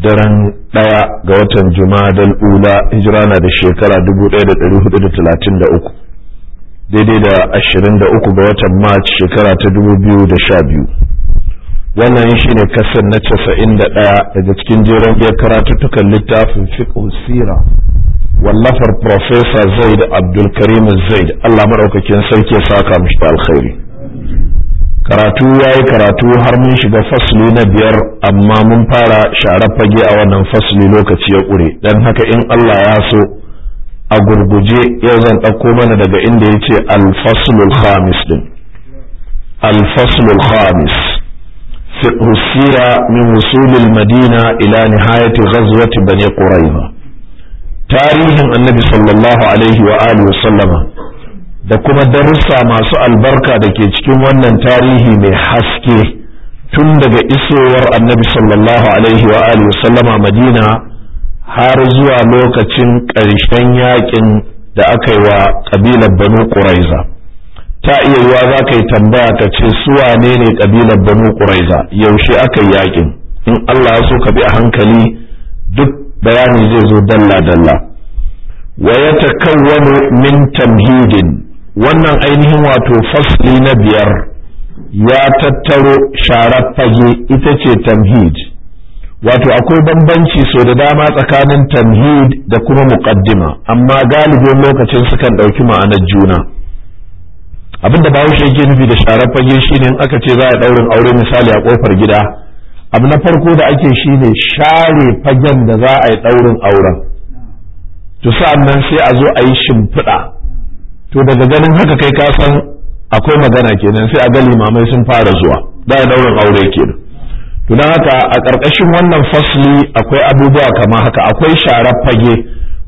daren ɗaya ga watan jumadal ula hijira na da shekara 1433 daidai da 23 ga watan march shekara ta 2012 wannan shi ne kasar na 91 daga cikin jeren biyar karatuttukan littafin fiqh sira wallafar Profesa zaid abdulkarim zaid allah maɗaukakin sarki ya saka mashi alkhairi karatu ya yi karatu har mun shiga fasli na biyar amma mun fara sharar fage a wannan fasli lokaci ya ƙure don haka in Allah ya so a gurguje yau zan ɗauko mana daga inda ya ce alfaslul khamis din alfaslul khamis fiqhu sira min wusulil madina ila nihayati ghazwati bani quraiba tarihin annabi sallallahu alaihi wa alihi wa sallama da kuma darussa masu albarka da ke cikin wannan tarihi mai haske tun daga isowar annabi sallallahu alaihi wa alihi sallama madina har zuwa lokacin ƙarshen yakin da aka yi wa ƙabilar banu ƙuraiza ta iya yiwa za ka yi tambaya ka ce suwa ne ne ƙabilar banu ƙuraiza yaushe aka yi yakin in allah ya so ka bi a hankali duk bayani zai zo dalla dalla wa ya min tamhidin wannan ainihin wato fasli na biyar ya tattaro sharar fage ita ce tamhid wato akwai bambanci so da dama tsakanin tamhid da kuma muqaddima amma galibin lokacin sukan ɗauki ma'anar juna abinda bahaushe yake nufi da sharar fage shine in aka ce za a ɗaurin aure misali a ƙofar gida abu na farko da ake shine share fagen da za a yi ɗaurin auren to sa'an sai a zo a yi shimfiɗa to daga ganin haka kai ka san akwai magana kenan sai a ga limamai sun fara zuwa da daurin aure kenan to don haka a ƙarƙashin wannan fasli akwai abubuwa kamar haka akwai sharar fage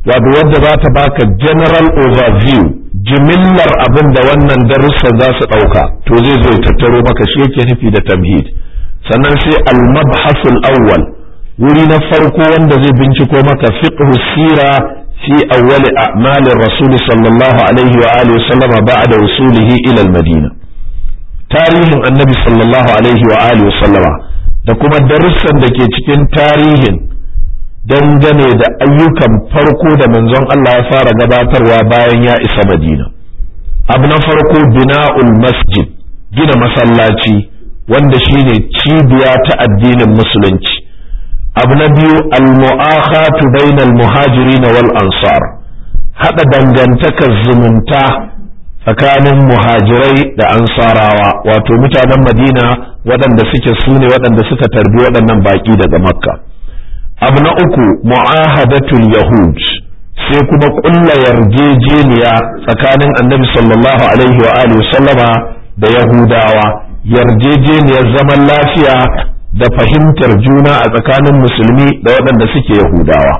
wato wadda za ta baka general overview jimillar abin da wannan darussan za su ɗauka to zai zo tattaro maka shi yake nufi da tamhid sannan sai al-mabhasul awwal wuri na farko wanda zai binciko maka fiqh sira في أول أعمال الرسول صلى الله عليه وآله وسلم بعد وصوله إلى المدينة تاريخ النبي صلى الله عليه وآله وسلم da kuma darussan da ke cikin tarihin dangane da ayyukan farko da manzon Allah ya fara gabatarwa bayan ya isa Madina. Abu na farko bina'ul masjid gina masallaci wanda shine cibiya ta addinin musulunci. abu na biyu al bainal muhajiri muhajirin wal ansar hada dangantakar zumunta tsakanin muhajirai da ansarawa wato mutanen madina waɗanda suke ne waɗanda suka tarbi waɗannan baƙi daga makka abu na uku mu'ahadatul yahud sai kuma ƙulla yarjejeniya tsakanin annabi sallallahu alaihi wa alihi sallama da yahudawa yarjejeniyar zaman lafiya da fahimtar juna a tsakanin musulmi da waɗanda suke yahudawa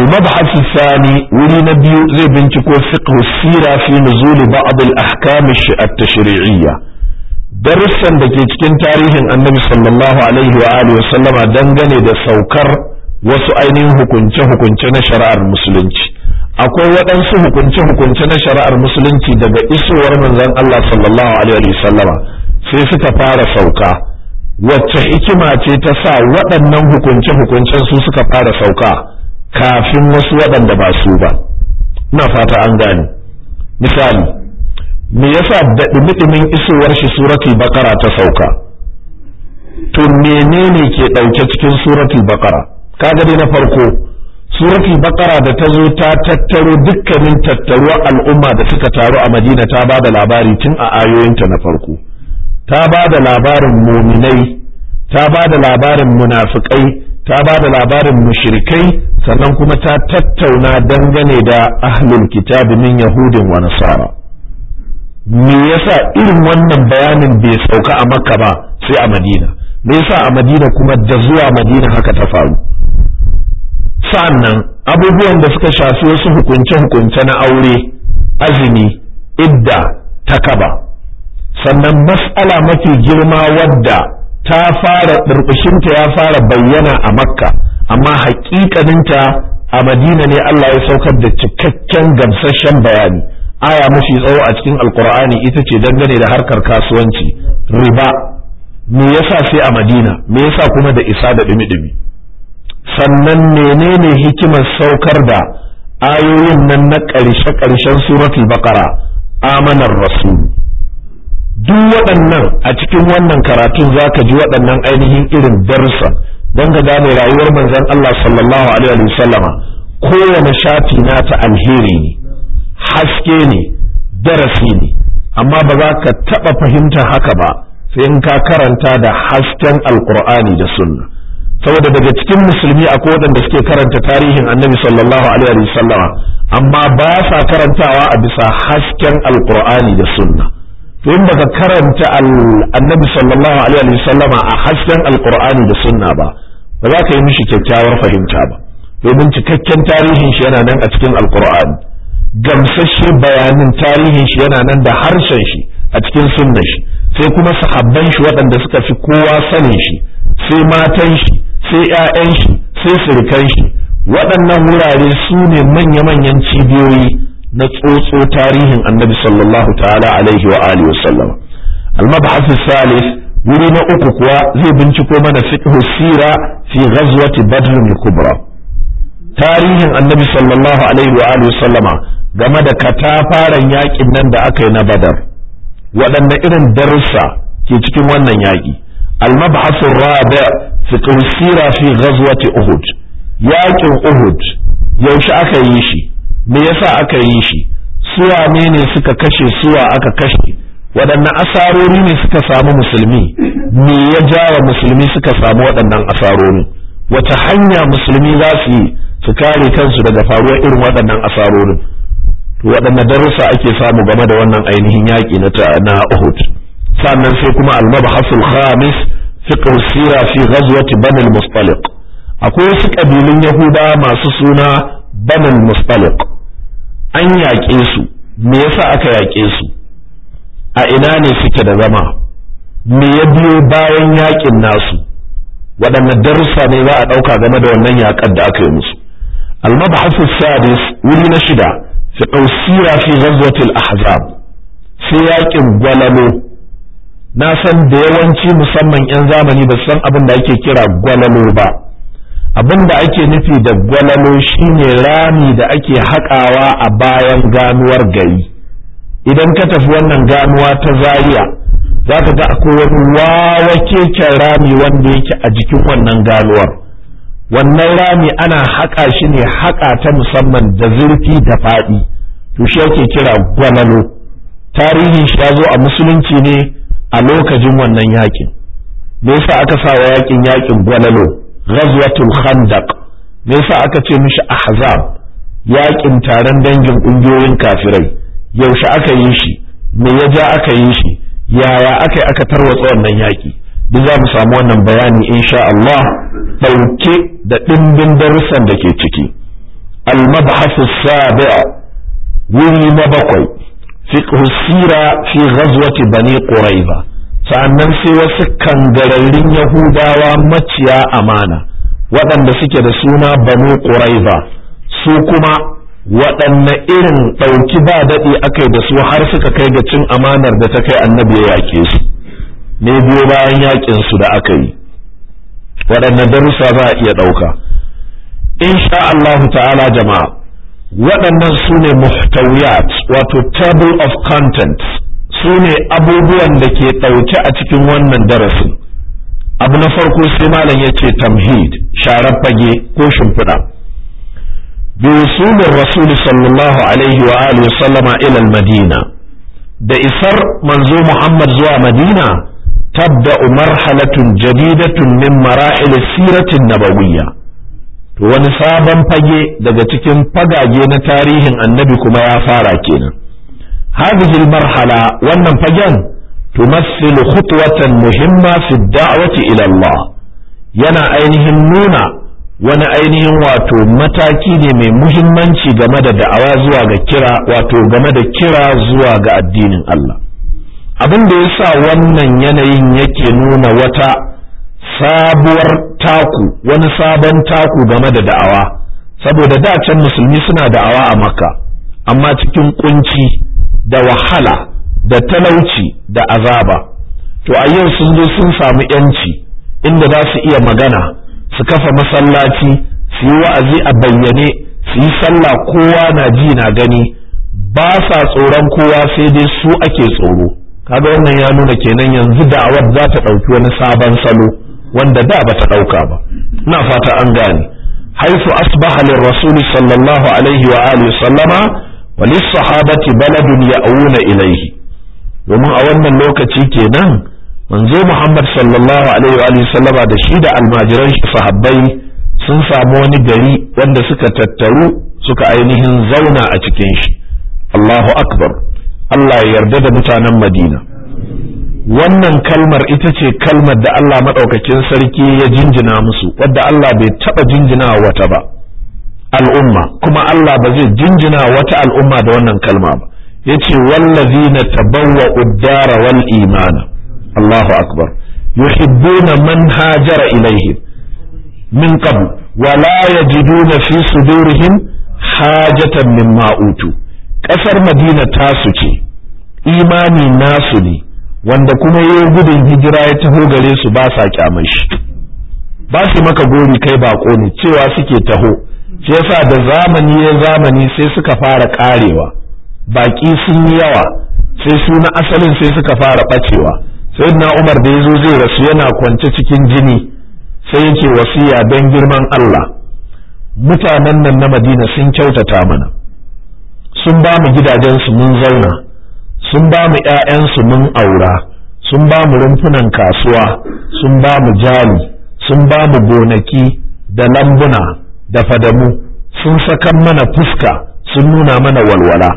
المبحث الثاني ولي نبي زي بنتكو فقه السيرة في shi a الأحكام Darussan da ke cikin tarihin annabi sallallahu alaihi wa alihi wasallama dangane da saukar wasu ainihin hukunce-hukunce na shari'ar musulunci akwai waɗansu hukunce-hukunce na shari'ar musulunci daga isowar manzon Allah sallallahu alaihi wa sallama sai suka fara sauka wacce hikima ce ta sa waɗannan hukunce-hukuncen su suka fara sauka kafin wasu waɗanda ba su ba na fata an gani. misali me yasa da ɗumi isowar shi surati bakara ta sauka to menene ke ɗauke cikin surati bakara kaga dai na farko surati bakara da ta zo ta tattaro dukkanin tattaruwar al'umma da suka taru a madina ta ba da labari tun a ayoyinta na farko ta ba da labarin muminai ta ba da labarin munafikai ta ba da labarin mushrikai sannan kuma ta tattauna dangane da ahlul kitabi min yahudin wa nasara me yasa irin wannan bayanin bai sauka a makka ba sai a madina me yasa a madina kuma da zuwa madina haka ta faru sannan abubuwan da suka shafi wasu hukunce-hukunce na aure azumi idda takaba sannan mas'ala mafi girma wadda ta fara ɗurɓushinta ya fara bayyana a makka amma haƙiƙaninta a madina ne Allah ya saukar da cikakken gamsasshen bayani aya mafi tsawo a cikin alkur'ani ita ce dangane da harkar kasuwanci riba me yasa sai a madina me yasa kuma da isa da ɗumi-ɗumi sannan menene hikimar saukar da ayoyin nan na ƙarshe-ƙarshen suratul baqara amanar rasul duk waɗannan a cikin wannan karatun za ka ji waɗannan ainihin irin darsa don ka gane rayuwar manzon Allah sallallahu alaihi wasallama kowane shafi na ta alheri ne haske ne darasi ne amma ba za ka taɓa fahimta haka ba sai in ka karanta da hasken alkur'ani da sunna saboda daga cikin musulmi akwai waɗanda suke karanta tarihin annabi sallallahu alaihi wasallama amma ba sa karantawa a bisa hasken alkur'ani da sunna in baka karanta annabi sallallahu alaihi wasallama a hasken Alkur'ani da sunna ba ba za ka yi mishi kyakkyawar fahimta ba domin cikakken tarihin shi yana nan a cikin Alkur'ani, gamsashe bayanin tarihin shi yana nan da harshen shi a cikin sunnan shi sai kuma sahabban shi waɗanda suka fi kowa sanin shi sai matan shi sai 'ya'yan shi sai surukan shi waɗannan wurare su ne manya-manyan cibiyoyi na tsotso tarihin annabi sallallahu ta'ala alaihi wa alihi wa sallam al-mabhas salis wuri na uku kuwa zai binciko mana fiqh sira fi ghazwati badr al-kubra tarihin annabi sallallahu alaihi wa alihi wa sallama game da katafaren yakin nan da aka yi na badar waɗanne irin darussa ke cikin wannan yaƙi al-mabhas ar-rabi' fiqh sira fi ghazwati uhud Yaƙin uhud yaushe aka yi shi me yasa aka yi shi suwa ne ne suka kashe suwa aka kashe waɗannan asarori ne suka samu musulmi me ya jawa musulmi suka samu waɗannan asarori wata hanya musulmi za su yi su kare kansu daga faruwar irin waɗannan asarori. waɗanne darussa ake samu game da wannan ainihin yaƙi na Uhud sannan sai kuma al-mabhasul khamis fiqh sira fi ghazwat bani mustaliq akwai wasu kabilun yahuda masu suna banin mustaliq an yaƙe su me yasa aka yaƙe su a ina ne suke da zama me ya biyo bayan yaƙin nasu waɗanne darussa ne za a ɗauka game da wannan yaƙar da aka yi musu almabhasu sadis wuri na shida fi sira fi ghazwatil ahzab sai yaƙin gwalalo na san da yawanci musamman 'yan zamani ba san abin da ake kira gwalalo ba Abin da ake nufi da gwalalo shine rami da ake haƙawa a bayan ganuwar gari idan ka tafi wannan ganuwa ta Zariya za ka ga akwai wani wawa rami wanda yake a jikin wannan ganuwar wannan rami ana haƙa shi ne haƙa ta musamman da zurfi da faɗi to shi ake kira gwalalo tarihin shi ya zo a musulunci ne a lokacin wannan yaƙin. me yasa aka sa wa yaƙin yakin gwalalo ghazwatul khandaq me yasa aka ce mishi ahzab yakin taron dangin kungiyoyin kafirai yaushe aka yi shi me ya ja aka yi shi yaya aka yi aka tarwatsa wannan yaki duk za mu samu wannan bayani insha Allah dauke da dimbin darussan da ke ciki al-mabhath sabi'a wuri na bakwai fiqh sira fi ghazwati bani quraiba sa'annan sai wasu kangararrun yahudawa maciya amana waɗanda suke da suna banu ƙuraiba su kuma waɗanne irin ɗauki ba daɗi aka yi da su har suka kai ga cin amanar da ta kai annabi ya yaƙe su ne biyo bayan yaƙin su da aka yi waɗanne darussa za a iya ɗauka insha Allahu ta'ala jama'a waɗannan su ne muhtawiyat wato table of contents su ne abubuwan da ke ɗauke a cikin wannan darasin abu na farko sai malam ya ce tamhid sharar fage ko shimfiɗa bisumin rasul sallallahu alaihi wa alihi sallama ila madina da isar manzo muhammad zuwa madina tabda marhalatun jadidatun min mara'il siratin nabawiyya to wani sabon fage daga cikin fagage na tarihin annabi kuma ya fara kenan هذه المرحلة وأن فجن تمثل خطوة watan في الدعوة إلى الله ينا أينهم نونا wani ainihin wato mataki ne mai muhimmanci game da da'awa zuwa ga kira wato game da kira zuwa ga addinin Allah abin da ya sa wannan yanayin yake nuna wata sabuwar taku wani sabon taku game da da'awa saboda da can musulmi suna da'awa a makka amma cikin ƙunci. da wahala da talauci da azaba to a yau sun zo sun samu yanci inda za su iya magana su kafa masallaci su yi wa'azi a bayyane su yi sallah kowa na ji na gani ba sa tsoron kowa sai dai su ake tsoro kaga wannan ya nuna kenan yanzu da'awar za ta ɗauki wani sabon salo wanda da ba ta ɗauka ba ina fata an gane haifu asbaha lirrasuli sallallahu alaihi wa alihi sallama walis sahabati baladun ya'una ilaihi domin a wannan lokaci kenan manzo Muhammad sallallahu alaihi wa sallama da shi da almajiran sahabbai sun samu wani gari wanda suka tattaru suka ainihin zauna a cikin shi Allahu akbar Allah ya yarda da mutanen Madina wannan kalmar ita ce kalmar da Allah maɗaukakin sarki ya jinjina musu wadda Allah bai taɓa jinjina wata ba al'umma kuma Allah ba zai jinjina wata al'umma da wannan kalma ba yace wallazina tabawwa uddara wal imana Allahu akbar yuhibbuna man hajara ilaihim min qabl wa la yajiduna fi sudurihim hajatan mimma utu kasar Madina tasu ce imani nasu ne wanda kuma yi gudun hijira ya taho gare su ba sa kyamar shi ba su maka gori kai bako ne cewa suke taho shi yasa da zamani ya zamani sai suka fara karewa baki sun yi yawa sai su na asalin sai suka fara bacewa sai na umar da ya zo zai rasu yana kwance cikin jini sai yake wasiya don girman Allah mutanen nan na madina sun kyautata mana sun ba mu su mun zauna sun ba mu ‘ya'yansu mun aura sun ba mu rumfunan kasuwa sun ba mu jali sun ba mu gonaki da lambuna da fadamu sun sakan mana fuska sun nuna mana walwala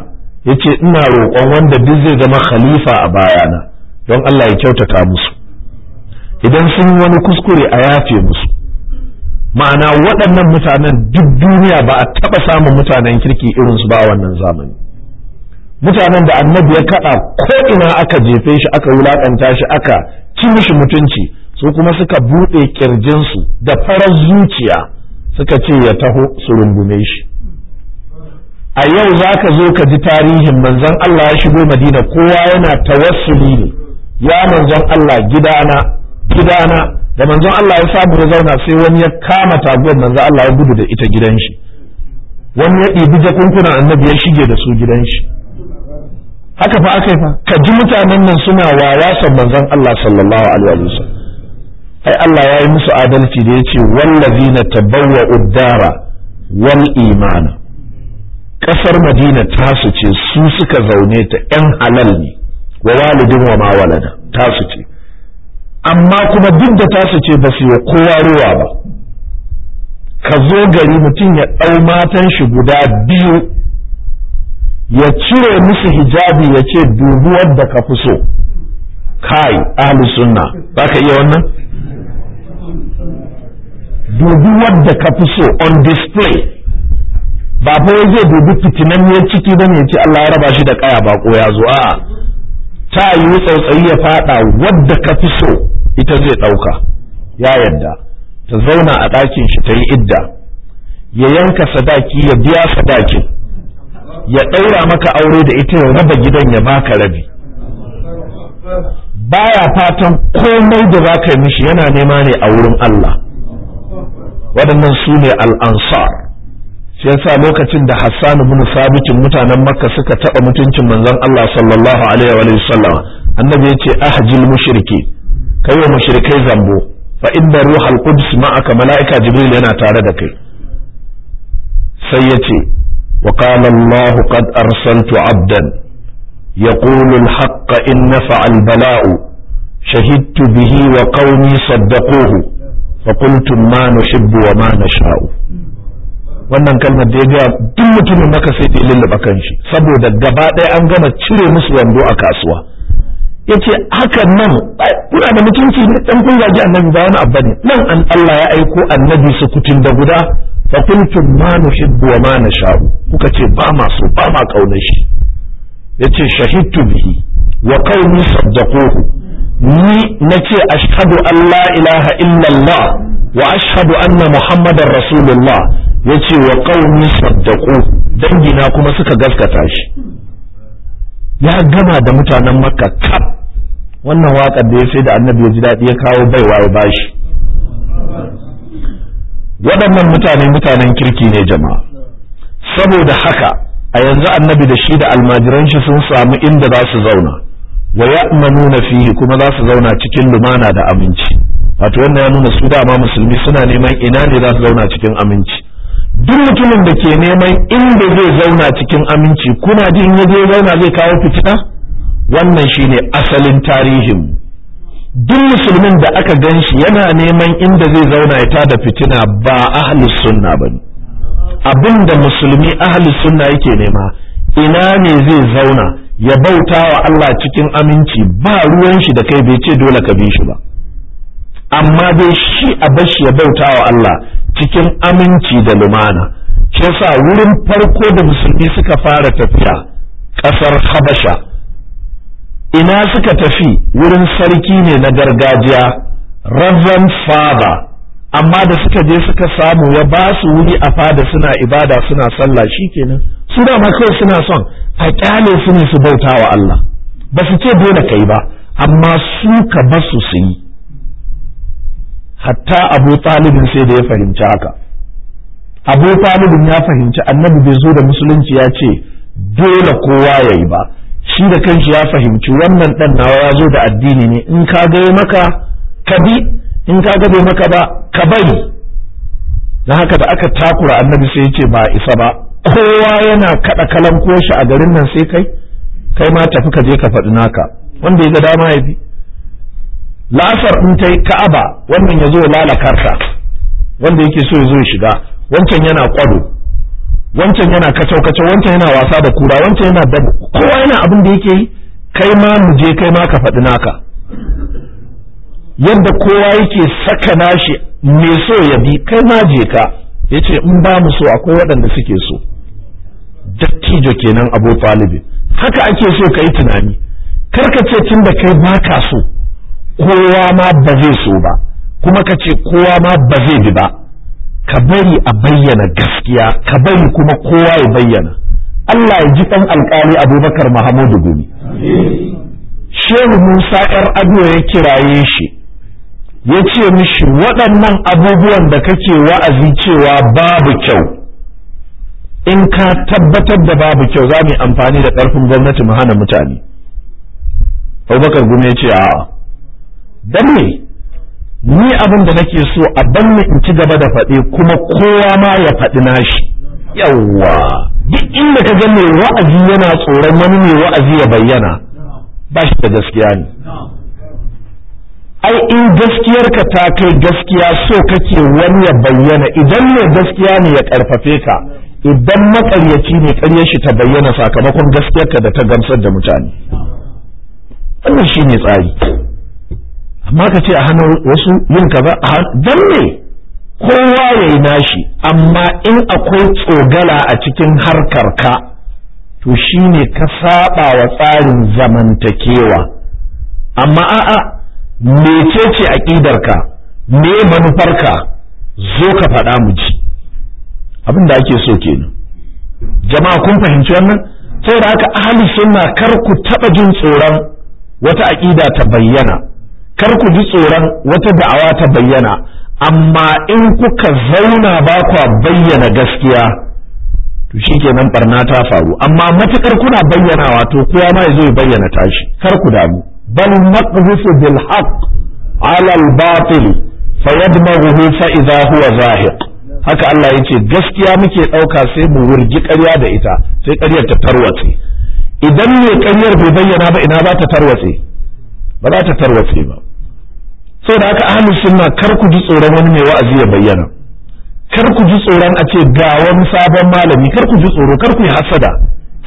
yace ina roƙon wanda duk zai zama khalifa a bayana don Allah ya kyautata musu idan sun yi wani kuskure a yafe musu ma'ana waɗannan mutanen duk duniya ba a taɓa samun mutanen kirki irinsu ba a wannan zamani mutanen da annabi ya kaɗa ina aka jefe shi aka wulaƙanta shi aka ci mishi mutunci su kuma suka buɗe ƙirjinsu da farar zuciya suka ce ya taho su rungume shi a yau za ka zo ka ji tarihin manzon Allah ya shigo madina kowa yana tawassuli ne ya manzon Allah gidana gidana da manzon Allah ya samu da zauna sai wani ya kama taguwar manzon Allah ya gudu da ita gidan shi wani ya ɗibi jakunkunan annabi ya shige da su gidan shi haka fa aka yi fa ka ji mutanen nan suna san manzon Allah sallallahu alaihi wasallam ai Allah ya yi musu adalci da ya ce wallazina tabawwa uddara wal imana ƙasar madina su ce su suka zaune ta ‘yan halal ne wa walidin wa ma walada su ce amma kuma duk da su ce ba su yi kowa ruwa ba ka zo gari mutum ya ɗau matan shi guda biyu ya cire musu hijabi ya ce dubu wadda ka fi so kai ahli sunna ba ka iya wannan dubi wadda ka fi so on display ba fa zai dubi ya ciki ba ne ce Allah ya raba shi da kaya ba ko ya zo a'a ta yi tsautsayi ya fada wadda ka fi so ita zai dauka ya yadda ta zauna a ɗakin shi ta yi idda ya yanka sadaki ya biya sadakin ya ɗaura maka aure da ita ya raba gidan ya baka rabi baya fatan komai da za ka yi mishi yana nema ne a wurin Allah waɗannan su ne al'ansar shi yasa lokacin da hassan ibn sabitin mutanen makka suka taɓa mutuncin manzon allah sallallahu alaihi wa sallam annabi yace ce ahjil mushriki kai wa mushrikai zambo fa inna ruhal quds ma'aka mala'ika jibril yana tare da kai sai ya ce wa qala allah qad arsaltu abdan yaqulu al-haqqa in nafa al-bala'u shahidtu bihi wa qaumi saddaqohu Fa qultum ma nuhibbu wa ma nasha'u wannan kalmar da ya ga duk mutumin maka sai da kan shi saboda gaba ɗaya an gama cire musu wando a kasuwa yace hakan nan kuna da mutunci ne dan kun gaji annabi ba wani abba ne nan an Allah ya aiko annabi su kutin da guda fa kuntum ma nuhibbu wa ma nasha'u kuka ce ba ma so ba ma kaunar shi yace shahidtu bihi wa qaumi saddaquhu ni na ce ashadu an la ilaha illallah wa ashhadu anna Muhammadan rasulullah ya ce wa qaumi dangi dangina kuma suka gaskata shi ya gama da mutanen makka kaf wannan waƙar da ya sai da annabi ya ji daɗi ya kawo baiwa ya bashi waɗannan mutane mutanen kirki ne jama'a saboda haka a yanzu annabi da shi da almajiran shi sun samu inda za su zauna wa ya'manuna fihi kuma za su zauna cikin lumana da aminci wato wannan ya nuna su dama musulmi suna neman ina ne za su zauna cikin aminci duk mutumin da ke neman inda zai zauna cikin aminci kuna jin ya je zauna zai kawo fitina wannan shine asalin tarihin duk musulmin da aka gan shi yana neman inda zai zauna ya tada fitina ba ahlus sunna bane abinda musulmi ahlus sunna yake nema ina ne zai zauna ya bauta wa Allah cikin aminci ba ruwan shi da kai bai ce dole ka bi shi ba amma dai shi a bashi ya bauta wa Allah cikin aminci da lumana shi sa wurin farko da musulmi suka fara tafiya ƙasar Habasha ina suka tafi wurin sarki ne na gargajiya Reverend Father amma da suka je suka samu ya ba su wuri a fada suna ibada suna sallah shikenan su ma kawai suna son a kyale su ne su bauta wa Allah ba su ce dole kai ba amma su ka ba su su yi hatta abu talibin sai da ya fahimci haka abu talibin ya fahimci annabi bai zo da musulunci ya ce dole kowa ya yi ba shi da kanshi ya fahimci wannan dan nawa ya zo da addini ne in ka ga maka ka bi in ka ga bai maka ba ka bari na haka da aka takura annabi sai ya ce ba isa ba kowa yana kada kalan koshi a garin nan sai kai kai ma tafi ka je ka faɗi naka wanda ya ga dama ya bi la'asar in ta ka'aba wannan ya zo lalakarta wanda yake so ya zo ya shiga wancan yana kwado wancan yana kacau kacau wancan yana wasa da kura wancan yana dabu kowa yana abin da yake yi kai ma mu je kai ma ka faɗi naka yadda kowa yake saka nashi mai so ya bi kai ma je ka yace in ba mu so akwai waɗanda suke so dattijo kenan abu talibin haka ake so ka yi tunani karka ce tun da kai ba ka so kowa ma ba zai so ba kuma ka ce kowa ma ba zai bi ba ka bari a bayyana gaskiya ka bari kuma kowa ya bayyana Allah ya ji ɗan alƙali abubakar Muhammadu gumi shehu musa yar ado ya kiraye shi ya ce mishi waɗannan abubuwan da kake wa'azi cewa babu kyau in ka tabbatar da babu kyau za mu yi amfani da ƙarfin gwamnati mu hana mutane abubakar gume ce a dan ne ni abin da nake so a ni in ci gaba da faɗi kuma kowa ma ya faɗi nashi yawwa duk inda ka ga mai wa'azi yana tsoron wani mai wa'azi ya bayyana ba shi da gaskiya ne ai in gaskiyarka ta kai gaskiya so kake wani ya bayyana idan mai gaskiya ne ya ƙarfafe ka idan makaryaci ne karyar shi ta bayyana sakamakon gaskiyarka da ta gamsar da mutane wannan shi ne tsari amma ka ce a hannun wasu yin kaza a dan ne kowa ya yi nashi amma in akwai tsogala a cikin harkar ka to shi ne ka saba wa tsarin zamantakewa amma a'a mecece aƙidarka me manufarka zo ka faɗa mu ji abin da ake so kenan jama'a kun fahimci wannan sai da haka ahli sunna kar ku taba jin tsoron wata aqida ta bayyana kar ku ji tsoron wata da'awa ta bayyana amma in kuka zauna ba kwa bayyana gaskiya to shikenan barna ta faru amma matukar kuna bayyanawa to kowa ma yazo ya bayyana tashi kar ku damu bal naqdhifu bil haqq ala al batil fayadmaghuhu fa idha huwa zahiq haka Allah ya ce gaskiya muke ɗauka sai mu wurgi ƙarya da ita sai ƙaryar ta tarwatse idan ne ƙaryar bai bayyana ba ina za ta tarwatse ba za ta tarwatse ba da haka ahlus sunna kar ku ji tsoron wani mai wa'azi ya bayyana kar ku ji tsoron a ce ga wani sabon malami kar ku ji tsoro kar ku yi hasada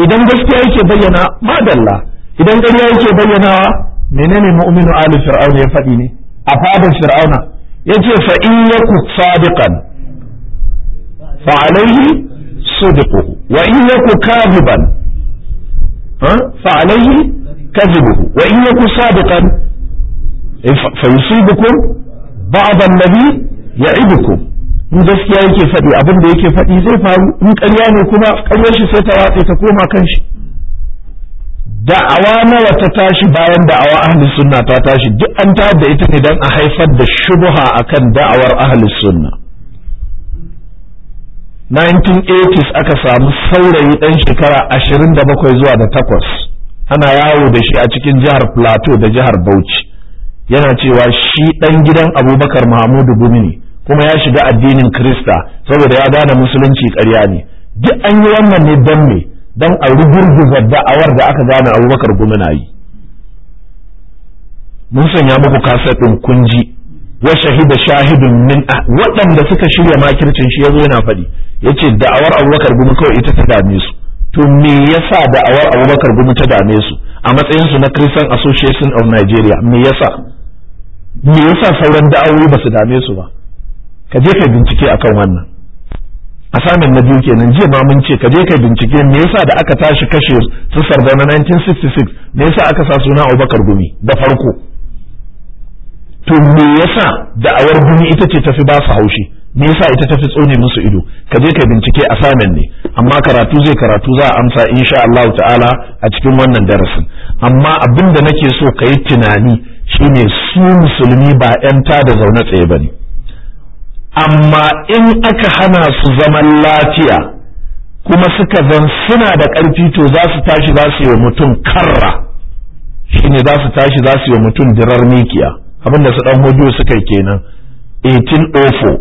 idan gaskiya yake bayyana madalla idan ƙarya yake bayyanawa menene mu'minu ali fir'auna ya faɗi ne a fadin fir'auna yace fa in yaku sadiqan فعليه صدقه وإن يكو كاذبا فعليه كذبه وإن يكو صادقا إيه، فيصيبكم بعض الذي يعبكم من دسكي عليك فدي أبن بيك فدي زي فهو من كريان يكونا يعني قريش ستواتي تكوما كنش دعوانا وتتاشي باين دعوة أهل السنة تتاشي دي أنت دعيتني دان أحيفت الشبهة أكن دعوة أهل السنة 1980s aka samu saurayi ɗan shekara 27 zuwa da takwas ana yawo da shi a cikin jihar plateau da jihar bauchi yana cewa shi ɗan gidan abubakar mahamudu gumi ne kuma ya shiga addinin krista saboda ya gane musulunci karya ne duk an yi wannan ne don me don a rugurguza da'awar da aka gane abubakar gumi na yi mun sanya muku kaset ɗin kunji wa shahida shahidun min ah-, waɗanda suka shirya makircin shi ya zo yana faɗi yace da'awar Abubakar gumi kawai ita ta dame su to me yasa da'awar Abubakar gumi ta dame su a matsayin su na Christian Association of Nigeria me yasa me yasa sauran da'awoyi ba su dame su ba ka je ka bincike akan wannan asamin na biyu kenan jiya ma mun ce ka je ka bincike me yasa da aka tashi kashe su sarda na 1966 me yasa aka sa suna Abubakar gumi da farko to me yasa da'awar gumi ita ce tafi ba su haushi me yasa ita tafi tsone musu ido ka je ka bincike a samin ne amma karatu zai karatu za a amsa insha Allah ta'ala a cikin wannan darasin amma abin da nake so kayi tunani shine su musulmi ba 'yan da zaune tsaye ba ne amma in aka hana su zaman lafiya kuma suka zan suna da ƙarfi to za su tashi za su yi mutum karra shine za su tashi za su yi wa mutum dirar mikiya abin da su dan hodiyo suka yi kenan 1804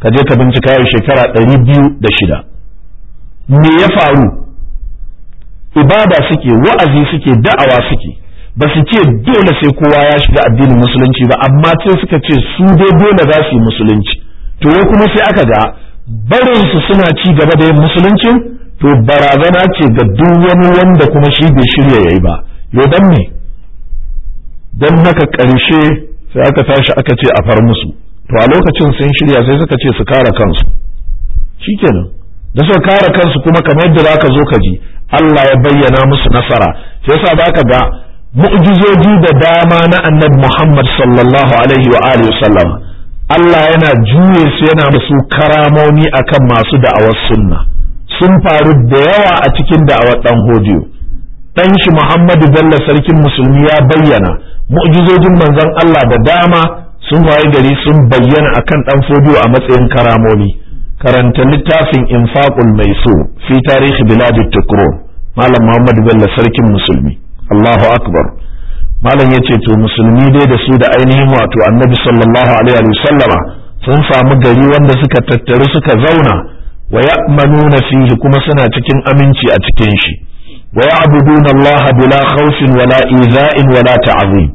ka je ka bincika yau shekara 206 me ya faru ibada suke wa'azi suke da'awa suke ba su ce dole sai kowa ya shiga addinin musulunci ba amma sai suka ce su dai dole za su yi musulunci to kuma sai aka ga barinsu suna ci gaba da yin musulunci to barazana ce ga duk wani wanda kuma shi bai shirya yayi ba yo dan me dan haka ƙarshe sai aka tashi aka ce a far musu to a lokacin sun shirya sai suka ce su kare kansu shikenan da suka kare kansu kuma kamar yadda za ka zo ka ji Allah ya bayyana musu nasara sai yasa za ka ga mu'jizoji da dama na annabi Muhammad sallallahu alaihi wa alihi wasallam Allah yana juye su yana musu karamomi akan masu da'awar sunna sun faru da yawa a cikin da'awar dan hodiyo dan shi Muhammadu Bello sarkin musulmi ya bayyana mu'jizojin manzon Allah da dama sun waye gari sun bayyana akan dan fodiyo a matsayin karamomi karanta littafin infaqul maisu fi tarihi biladi tukrun malam Muhammadu Bello sarkin musulmi Allahu akbar malam yace to musulmi dai da su da ainihin wato annabi sallallahu alaihi wasallama sun samu gari wanda suka tattaru suka zauna wa ya'manuna fihi kuma suna cikin aminci a cikin shi ويعبدون الله بلا خوف ولا إيذاء ولا تعظيم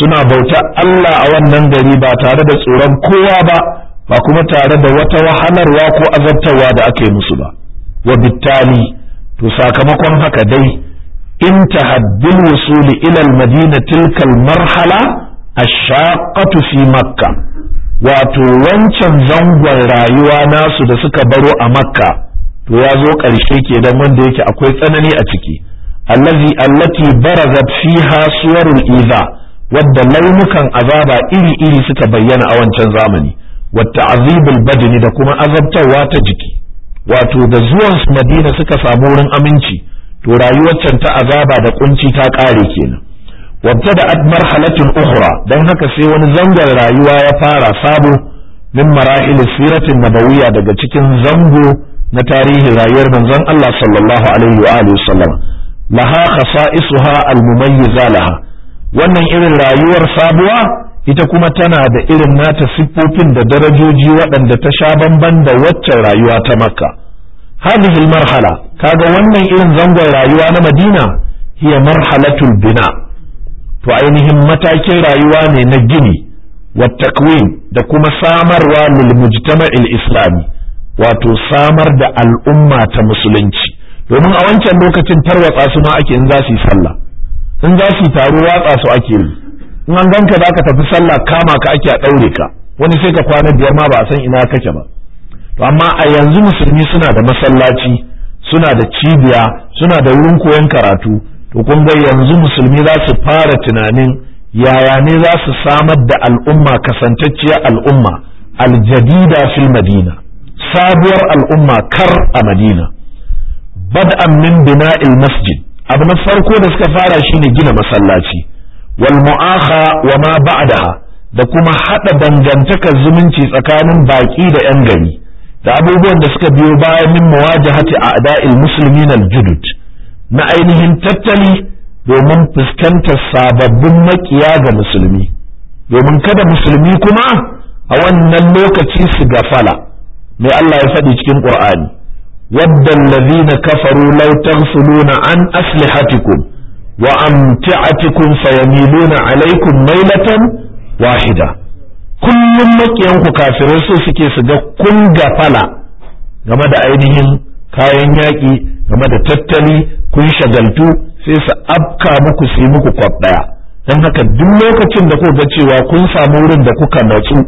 suna bauta Allah a wannan gari ba tare da tsoron kowa ba ba kuma tare da wata wahalarwa ko azabtarwa da ake musu ba wa bittali to sakamakon haka dai in tahaddil wusuli ila al-madina tilka marhala a shaqqatu makka wato wancan zangon rayuwa nasu da suka baro a makka to ya zo ƙarshe kenan wanda yake akwai tsanani a ciki allazi allati barazat fiha suwarul iza wadda launukan azaba iri iri suka bayyana a wancan zamani Wata ta'zibul badini da kuma azabtarwa ta jiki wato da zuwan su madina suka samu wurin aminci to rayuwar ta azaba da kunci ta kare kenan Wata da at marhalatin Uhura. Don haka sai wani zangon rayuwa ya fara sabo min marahil siratin nabawiyya daga cikin zango na tarihin rayuwar manzon Allah sallallahu alaihi wa alihi wasallam laha khasa'isuha almumayyiza laha wannan irin rayuwar sabuwa ita kuma tana da irin nata siffofin da darajoji waɗanda ta sha bamban da waccan rayuwa ta makka hadhihi almarhala kaga wannan irin zangon rayuwa na madina hiya marhalatul bina to ainihin matakin rayuwa ne na gini wa da kuma samarwa lil mujtama'il islami wato samar da al'umma ta musulunci domin a wancan lokacin tarwatsa su ma ake in za su yi sallah in za su yi taro watsa su ake yi in an ganka za ka tafi sallah kama ka ake a ɗaure ka wani sai ka kwana biyar ma ba a san ina kake ba to amma a yanzu musulmi suna da masallaci suna da cibiya suna da wurin koyon karatu to kun ga yanzu musulmi za su fara tunanin yaya ne za su samar da al'umma kasantacciyar al'umma aljadida fil madina sabuwar al'umma kar a madina bad'an min bina'il masjid abu na farko da suka fara shine gina masallaci wal mu'akha wa ma ba'daha da kuma hada dangantakar zumunci tsakanin baki da yan gari da abubuwan da suka biyo bayan min muwajahati a'da'il muslimin al judud na ainihin tattali domin fuskantar sababbin makiya ga musulmi domin kada musulmi kuma a wannan lokaci su gafala Mai Allah ya faɗi cikin Qur'ani wadda allazina kafaru law taghfuluna an aslihatikum wa amti'atikum fayamiluna alaykum latan wahida kullum makiyanku kafirai so suke su ga kun gafala game da ainihin kayan yaƙi game da tattali kun shagaltu sai su abka muku su yi muku kwab ɗaya don haka duk lokacin da kuka ga cewa kun samu wurin da kuka natsu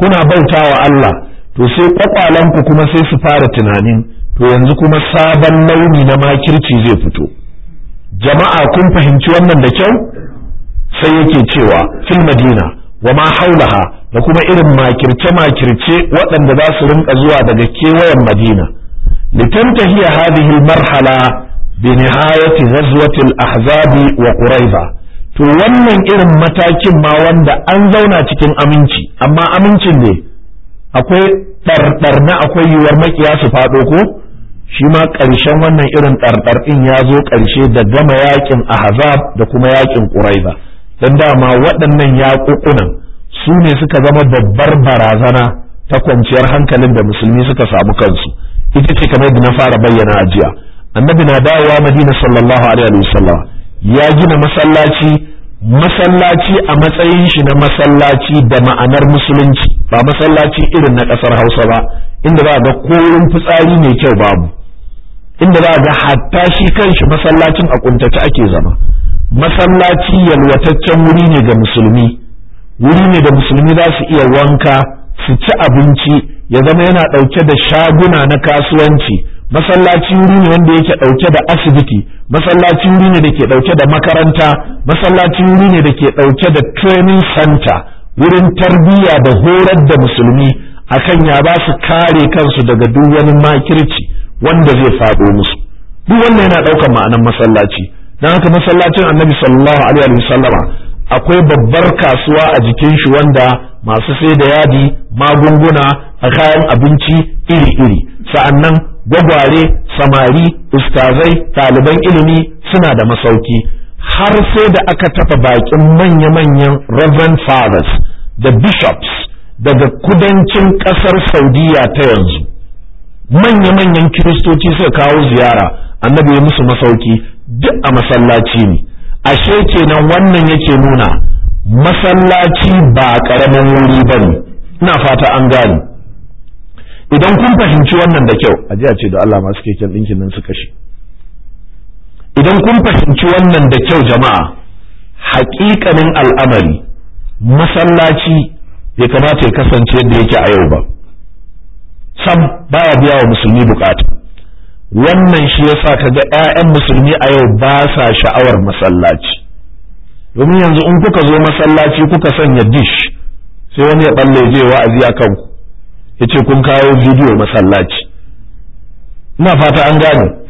kuna bautawa Allah to sai kwakwalanku kuma sai su fara tunanin to yanzu kuma sabon launi na makirci zai fito jama'a kun fahimci wannan da kyau sai yake cewa fil madina wa ma haulaha da kuma irin makirce makirce waɗanda za su rinka zuwa daga kewayen madina litantahiya hadhihi marhala bi nihayati ghazwati al-ahzabi wa quraiba to wannan irin matakin ma wanda an zauna cikin aminci amma amincin ne akwai ɗarɗar na akwai yiwuwar makiya su faɗo ko shi ma ƙarshen wannan irin ɗarɗar ɗin ya zo ƙarshe da gama yakin ahzab da kuma yakin ƙuraiba don dama waɗannan yaƙuƙunan su ne suka zama babbar barazana ta kwanciyar hankalin da musulmi suka samu kansu ita ce kamar da na fara bayyana a jiya annabi na dawowa madina sallallahu alaihi wasallam ya gina masallaci masallaci a matsayin shi na masallaci da ma'anar musulunci ba masallaci irin na ƙasar hausa ba inda za ga koyon fitsari mai kyau babu inda za ga hatta shi kanshi masallacin a kuntace ake zama masallaci yalwataccen wuri ne ga musulmi wuri ne da musulmi za su iya wanka su ci abinci ya zama yana ɗauke da shaguna na kasuwanci masallaci wuri ne wanda yake ɗauke da asibiti masallaci wuri ne da ke ɗauke da makaranta masallaci wuri ne da ke ɗauke da training center wurin tarbiyya da horar da musulmi akan ya ba su kare kansu daga duk wani makirci wanda zai faɗo musu duk wannan yana ɗaukar ma'anar masallaci don haka masallacin annabi sallallahu alaihi wa sallama akwai babbar kasuwa a jikin shi wanda masu sai da yadi magunguna a kayan abinci iri-iri sa'annan gwagware samari ustazai ɗaliban ilimi suna da masauki har sai da aka tafa bakin manya-manyan reverend fathers da bishops daga kudancin ƙasar saudiya ta yanzu manya-manyan kiristoci sai kawo ziyara annabi ya musu masauki duk a masallaci ne ashe kenan wannan yake nuna masallaci ba ƙaramin wuri ba ne ina fata an gane idan kun fahimci wannan da kyau a ce da Allah masu keken ɗinkin nan su kashe idan kun fahimci wannan da kyau jama'a haƙiƙanin al'amari masallaci ya kamata ya kasance yadda yake a yau ba sam baya biya wa musulmi bukata wannan shi yasa ga 'ya'yan musulmi a yau ba sa sha'awar masallaci domin yanzu in kuka zo masallaci kuka sanya dish sai wani ya balle je wa'azi a kanku ce kun kawo bidiyo masallaci ina fata an gane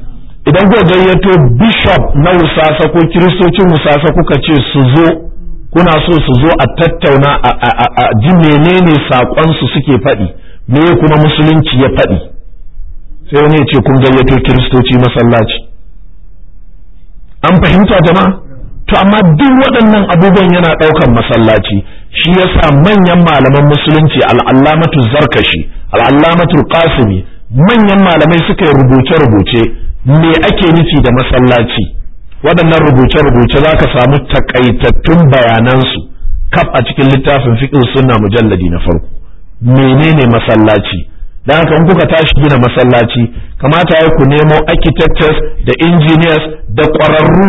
idan kuka gayyato bishop na wusasa ko kiristocin wusasa kuka ce su zo kuna so su zo a tattauna a ji menene saƙonsu suke faɗi me kuma musulunci ya faɗi sai wani ya ce kun gayyato kiristoci masallaci an fahimta jama'a to amma duk waɗannan abubuwan yana ɗaukan masallaci shi yasa manyan malaman musulunci al'allamatu zarkashi al'allamatu qasimi manyan malamai suka yi rubuce-rubuce me ake nufi da masallaci waɗannan rubuce-rubuce za ka samu takaitattun bayanansu kaf a cikin littafin fiqh suna mujalladi na farko menene masallaci dan haka in kuka tashi gina masallaci kamata ya ku nemo architects da engineers da ƙwararru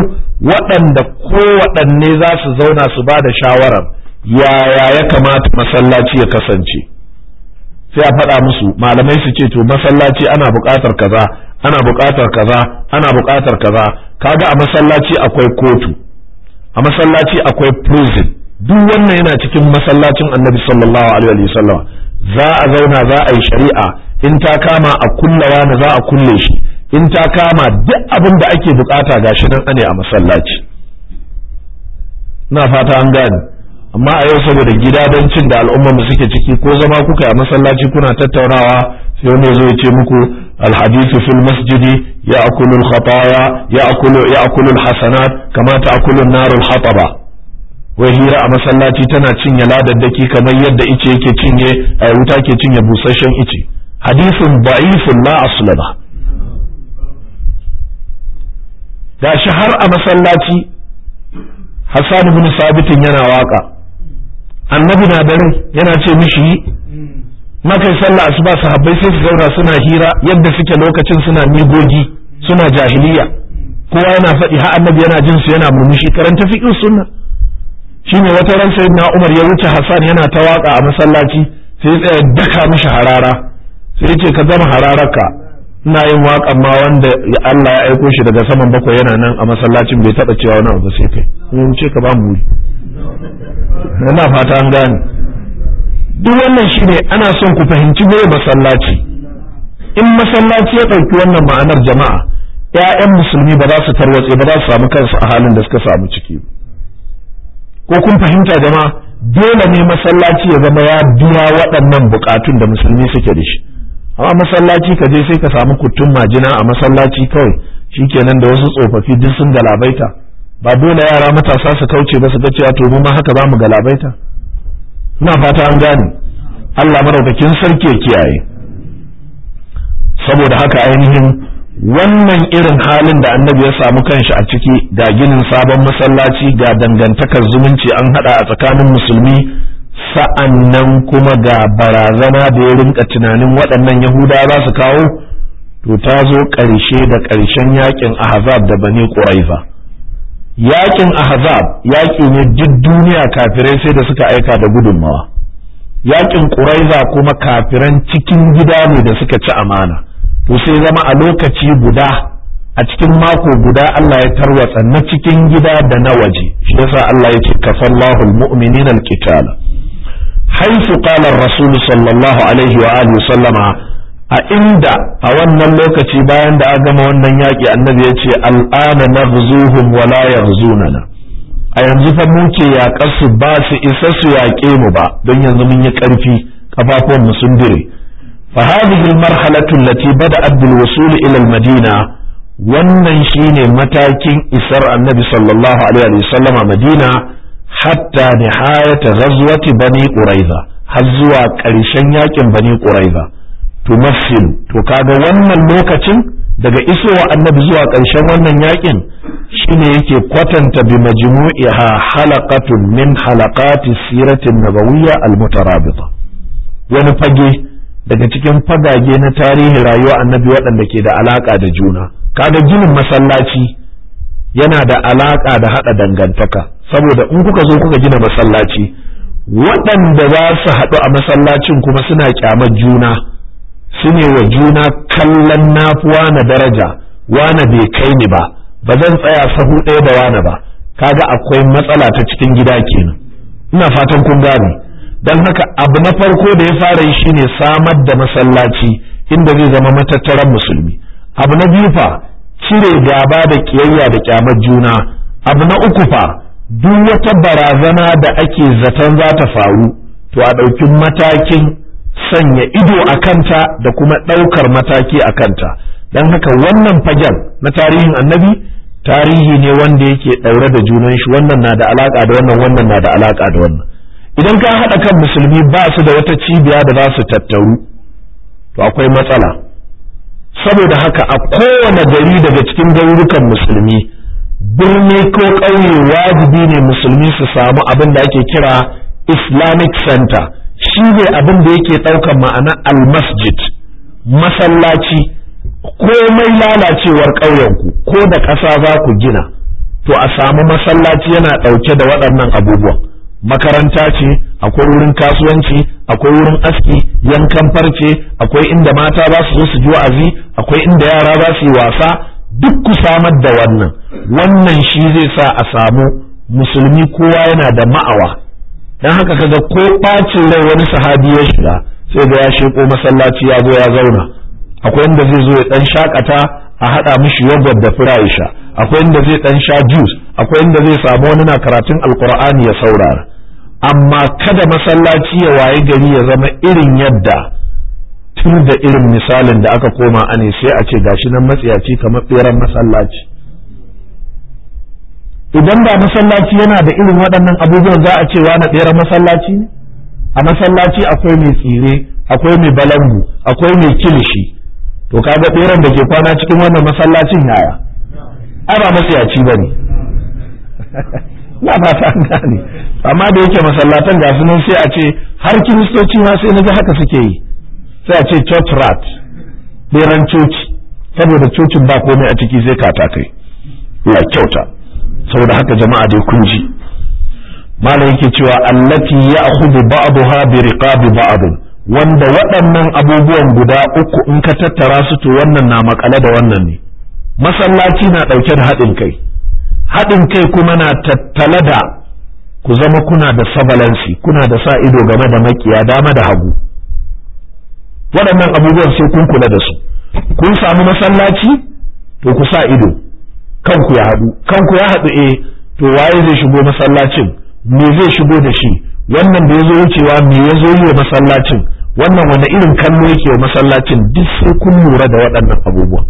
waɗanda ko waɗanne za su zauna su ba da shawarar yaya ya kamata masallaci ya kasance sai a faɗa musu malamai su ce to masallaci ana buƙatar kaza ana buƙatar kaza ana buƙatar kaza kaga a masallaci akwai kotu a masallaci akwai prison duk wannan yana cikin masallacin annabi sallallahu alaihi wasallam za a zauna za a yi shari'a in ta kama a kullawa na za a kulle shi in ta kama duk abin da ake bukata gashi nan ne a masallaci ina fata an gane amma a yau saboda cin da al'ummar mu suke ciki ko zama kuka a masallaci kuna tattaunawa sai wani zo ya ce muku alhadisu fil masjidi ya akulu khataya ya akulu ya akulu hasanat kama ta akulu narul hataba wai hira a masallaci tana cinye ladaddaki kamar yadda ice yake cinye a eh, wuta ke cinye busasshen ice hadisin da'ifun la aslala gashi har a masallaci Hassan ibn Sabitin yana waka annabi na da rai yana ce mishi yi hmm. makai sallah asuba sahabbai sai su zauna suna hira yadda suke lokacin suna migogi hmm. suna jahiliya hmm. kowa yana faɗi har annabi yana jin su yana murmushi karanta suna. sunna shine wata ran na Umar ya wuce Hassan yana ta waka a masallaci sai tsaya daka mishi harara sai yake ka zama hararaka ina yin waƙan ma wanda Allah ya aiko shi daga saman bakwai yana nan a masallacin bai taɓa cewa wani abu sai kai ce ka ba mu wuri na fata an gani duk wannan shi ne ana son ku fahimci gobe masallaci in masallaci ya ɗauki wannan ma'anar jama'a ‘ya'yan musulmi ba za su tarwatse ba za su samu kansu a halin da suka samu ciki ko kun fahimta jama'a dole ne masallaci ya zama ya biya waɗannan buƙatun da musulmi suke da shi amma masallaci ka je sai ka samu kuttun majina a masallaci kawai shi shikenan da wasu tsofaffi duk sun galabaita ba dole yara matasa su kauce ba su ga cewa to mu ma haka za mu galabaita ina fata an gane Allah maraukakin sarki ya kiyaye saboda haka ainihin wannan irin halin da annabi ya samu kanshi a ciki ga ginin sabon masallaci ga dangantakar zumunci an hada a tsakanin musulmi sa'annan kuma ga barazana da ya rinka tunanin waɗannan yahuda za su kawo to ta zo ƙarshe da ƙarshen yakin ahzab da bani quraiza yakin ahzab yaki ne duk duniya kafirai sai da suka aika da gudunmawa yakin quraiza kuma kafiran cikin gida ne da suka ci amana to sai zama a lokaci guda a cikin mako guda Allah ya tarwatsa na cikin gida da na waje shi yasa Allah ya ce kafallahu almu'minina alqitala haythu qala ar-rasul sallallahu alaihi wa alihi sallama a inda a wannan lokaci bayan da aka gama wannan yaƙi annabi ya ce al'ana na wa la yaghzunana a yanzu fa muke ke yaƙar su ba su isa su yaƙe mu ba don yanzu mun yi ƙarfi kafafuwan mu sun dire fa hadhihi al-marhalatu allati bada Abdul wusul ila al-madina wannan shine matakin isar annabi sallallahu alaihi wa sallama madina hatta nihayat ghazwati bani quraiza har zuwa ƙarshen yaƙin bani quraiza tumasil to kaga wannan lokacin daga isowa annabi zuwa ƙarshen wannan yakin shine yake kwatanta bi majmu'iha halaqatun min halaqati siratin nabawiyya almutarabita wani fage daga cikin fagage na tarihin rayuwa annabi waɗanda ke da alaka da juna kaga ginin masallaci yana da alaka da hada dangantaka saboda in kuka zo kuka gina masallaci waɗanda za su haɗu a masallacin kuma suna kyamar juna su ne wa juna kallon nafuwa na daraja wane bai kai ni ba ba zan tsaya sahu ɗaya da wane ba kaga akwai matsala ta cikin gida kenan ina fatan kun gane don haka abu na farko da ya fara yi shine samar da masallaci inda zai zama matattaran musulmi abu na biyu fa cire gaba da kiyayya da kyamar juna abu na uku fa duk wata barazana da ake zaton za ta faru to a ɗaukin matakin sanya ido a kanta da kuma ɗaukar mataki a kanta don haka wannan fagen na tarihin annabi tarihi ne wanda yake ɗaure da junan shi wannan na da alaƙa da wannan wannan na da alaƙa da wannan idan ka haɗa kan musulmi ba su da wata cibiya da za su tattaru to akwai matsala saboda haka a kowane gari daga cikin garurukan musulmi birni ko ƙauye wajibi ne musulmi su samu abin da ake kira islamic center shi ne abin da yake ɗaukar ma'ana almasjid masallaci komai lalacewar ƙauyenku ko da ƙasa za ku gina to a samu masallaci yana ɗauke da waɗannan abubuwan makaranta ce akwai wurin kasuwanci akwai wurin aski yankan farce akwai inda mata za su zo su ji wa'azi akwai inda yara za su yi wasa duk ku samar da wannan wannan shi zai sa a samu musulmi kowa yana da ma'awa don haka kaga ko ɓacin rai wani sahabi ya shiga sai da ya sheko masallaci ya zo ya zauna akwai inda zai zo ya dan shakata a haɗa mishi yogurt da firayisha. akwai inda zai dan sha juice akwai inda zai samu wani na karatun alkur'ani ya saurara amma kada masallaci ya waye gari ya zama irin yadda tun da irin misalin da aka koma ane sai a ce gashi nan matsiyaci kamar tseren masallaci idan ba masallaci yana da irin waɗannan abubuwan za a ce wani ɗera masallaci ne a masallaci akwai mai tsire akwai mai balangu akwai mai kilishi to kaga ɗeran da ke kwana cikin wannan masallacin yaya ai ba ba ne na ba gane amma da yake masallatan ga nan sai a ce har kiristoci ma sai na ji haka suke yi sai a ce church rat beran coci saboda cocin ba komai a ciki sai katakai ya kyauta saboda haka jama'a dai kun ji malam yake cewa allati ya'khudhu ba'daha bi riqabi ba'd wanda waɗannan abubuwan guda uku in ka tattara su to wannan na makale da wannan ne masallaci na ɗauke da haɗin kai haɗin kai kuma na tattala da ku zama kuna da sabalansi kuna da sa ido game da makiya dama da hagu waɗannan abubuwan sai kun kula da su kun samu masallaci to ku sa ido kanku ya haɗu kanku ya haɗu eh to waye zai shigo masallacin me zai shigo da shi wannan da ya zo wucewa me ya zo yi masallacin wannan wanda irin kallo yake wa masallacin duk sai kun lura da waɗannan abubuwa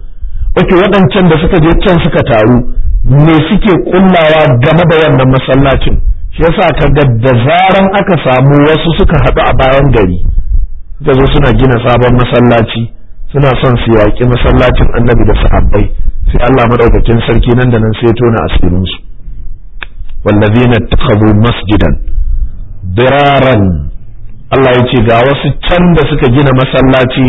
wato waɗancan da suka je can suka taru me suke kullawa game da wannan masallacin shi yasa kada da zaran aka samu wasu suka haɗu a bayan gari suka zo suna gina sabon masallaci suna son su yaƙi masallacin annabi da sahabbai sai Allah madaukakin sarki nan da nan sai ya tona asirin su wallazina takhadhu masjidan diraran Allah ya ce ga wasu can da suka gina masallaci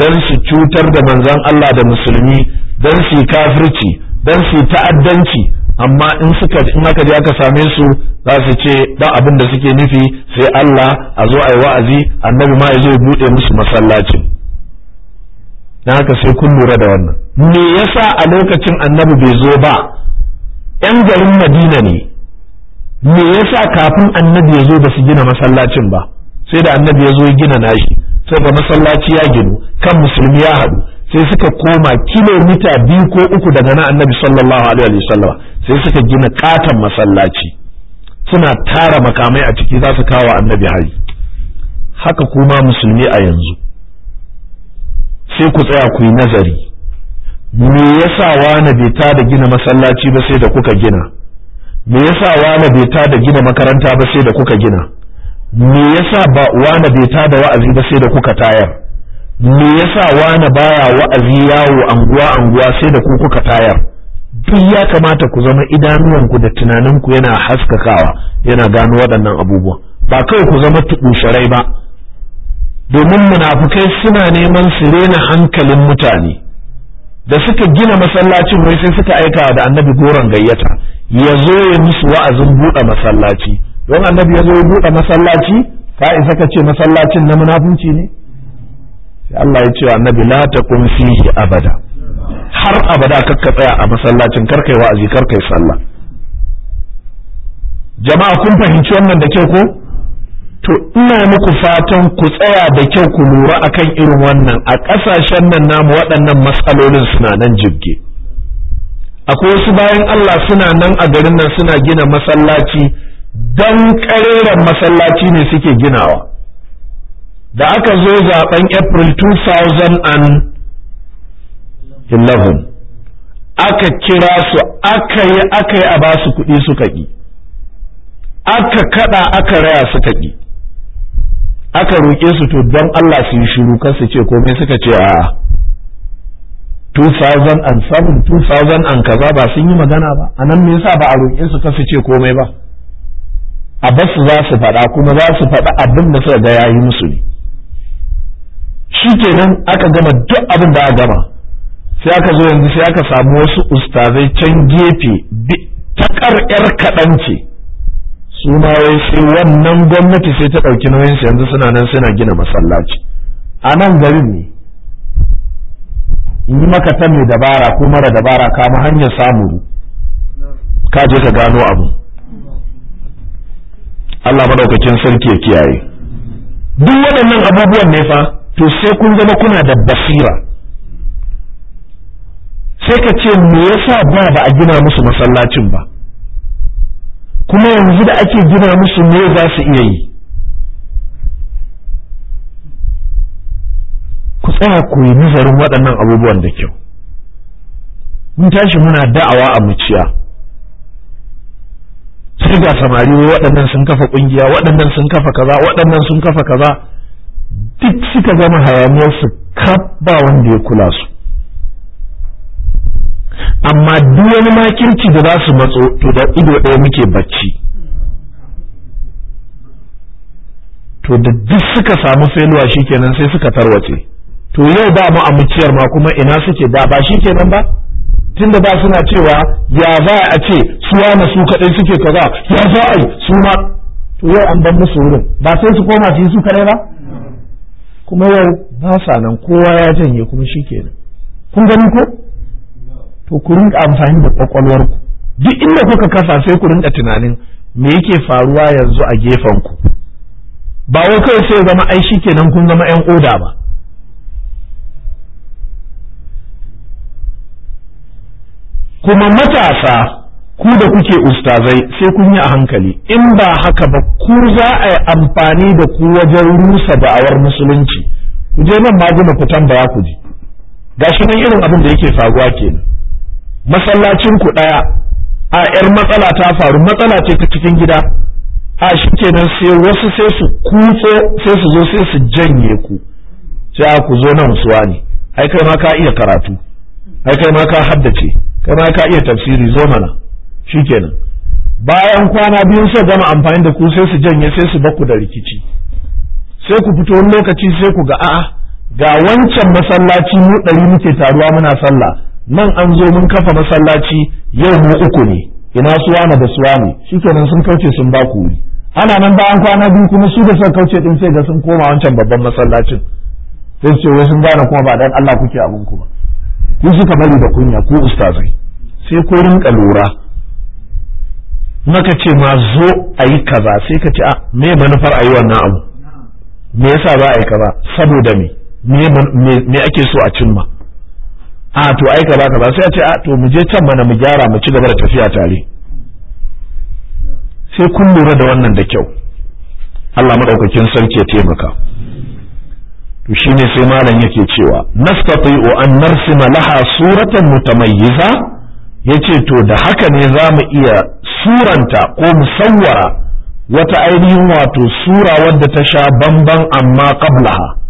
dan su cutar da manzon Allah da musulmi dan su kafirci dan su ta'addanci amma in suka in aka je aka same su za su ce dan abin da suke nufi sai Allah a zo a yi wa'azi annabi ma ya bude musu masallacin na haka sai kun lura da wannan me yasa a lokacin annabi bai zo ba yan garin madina ne me yasa kafin annabi ya zo ba su gina masallacin ba sai da annabi ya zo ya gina nashi sai ga masallaci ya ginu kan musulmi ya haɗu sai suka koma kilomita biyu ko uku daga na annabi sallallahu alaihi wa sallam sai suka gina katon masallaci suna tara makamai a ciki za su kawo annabi hari haka kuma musulmi a yanzu sai ku tsaya ku yi nazari me yasa wani bai ta da gina masallaci ba sai da kuka gina me yasa wani bai ta da gina makaranta ba sai da kuka gina me yasa ba wani bai ta da wa'azi ba sai da kuka tayar me yasa wani baya wa'azi yawo anguwa anguwa sai da ku kuka tayar duk ya kamata ku zama ku da tunanin ku yana haskakawa yana gano waɗannan abubuwa ba kawai ku zama tuɓusharai ba domin munafukai suna neman su rena hankalin mutane da suka gina masallacin wai sai suka aika da annabi goron gayyata ya zo ya musu wa'azin buɗe masallaci don annabi ya zo ya buɗe masallaci ka isa ka ce masallacin na munafunci ne sai Allah ya ce annabi la taqum fihi abada har abada ka tsaya a masallacin kar kai wa'azi kar kai sallah jama'a kun fahimci wannan da kyau ko to ina muku fatan ku tsaya da kyau ku lura akan irin wannan a ƙasashen nan namu waɗannan matsalolin suna nan jirge akwai wasu bayan Allah suna nan a garin nan suna gina masallaci don ƙareren masallaci ne suke ginawa da aka zo zaben april 2011 aka kira su aka yi aka yi a basu kuɗi suka ƙi aka kaɗa aka raya suka ƙi aka roƙe su to don Allah su yi shiru kan su ce komai suka ce a 2007 an kaza ba sun yi magana ba a nan me yasa ba a roƙe su kan su ce komai ba a basu za su faɗa kuma za su faɗa abin da suka ga yi musu ne shi kenan aka gama duk abin da aka gama sai aka zo yanzu sai aka samu wasu ustazai can gefe takar yar kaɗan ce su ma wai sai wannan gwamnati sai ta ɗauki nauyin su yanzu suna nan suna gina masallaci a nan garin ne yi maka ta mai dabara ko mara dabara kama hanyar samu ka je ka gano abu Allah madaukakin sarki ya kiyaye duk waɗannan abubuwan ne fa to sai kun zama kuna da basira sai ka ce me yasa ba ba a gina musu masallacin ba kuma yanzu da ake gina musu me za su iya yi ku tsaya ku yi nazarin waɗannan abubuwan da kyau mun tashi muna da'awa a muciya sai ga samari waɗannan sun kafa ƙungiya waɗannan sun kafa kaza waɗannan sun kafa kaza duk suka gama hayaniyar su kaf ba wanda ya kula su amma duk wani makirci da za su matso to da ido ɗaya muke bacci to da duk suka samu failure shikenan sai suka tarwace to yau ba mu a ma kuma ina suke da ba shikenan ba tunda ba suna cewa ya za a ce su na su kadai suke kaza ya za a su ma to yau an ban musu wurin ba sai su koma su yi su kadai ba kuma yau ba sa nan kowa ya janye kuma shikenan kun gani ko to ku rinka amfani da kwakwalwarku duk inda kuka kafa sai ku rinka tunanin me yake faruwa yanzu a gefen ku ba wai kawai sai zama ai kenan kun zama yan oda ba kuma matasa ku da kuke ustazai sai kun yi a hankali in ba haka ba ku za a yi amfani da ku wajen rusa da'awar musulunci ku je nan ma gama fitan ba ya ku ji gashi nan irin abin da yake faruwa kenan masallacin ku ɗaya a ‘yar matsala ta faru matsala ce ta cikin gida a shi kenan sai wasu sai su kutso sai su zo sai su janye ku sai ku zo nan suwa wani ai kai ma ka iya karatu ai kai ma ka haddace kai ma ka iya tafsiri zo mana kenan bayan kwana biyu sai gama amfani da ku sai su janye sai su bakku da rikici sai ku fito wani lokaci sai ku ga a'a ga wancan masallaci mu ɗari muke taruwa muna sallah nan an zo mun kafa masallaci yau mu uku ne ina suwana da suwa ne shikenan sun kauce sun ba ku ana nan bayan kwana biyu kuma su da suka kauce din sai da sun koma wancan babban masallacin sai ce wai sun gane kuma ba dan Allah kuke abun ku ba ku suka bari da kunya ku ustazai sai ko rinka lura maka ce ma zo a kaza sai ka ce a ah, me manufar a yi wannan abu me yasa za a yi kaza saboda me me ake so a cimma a to ai ka baka ba sai a ce a to mu je can mana mu gyara mu ci gaba da tafiya tare sai kun lura da wannan da kyau Allah madaukakin sarki ya taimaka to shine sai malam yake cewa nastati'u an narsima laha suratan mutamayyiza yace to da haka ne za mu iya suranta ko musawwara wata ainihin wato sura wadda ta sha bamban amma qablaha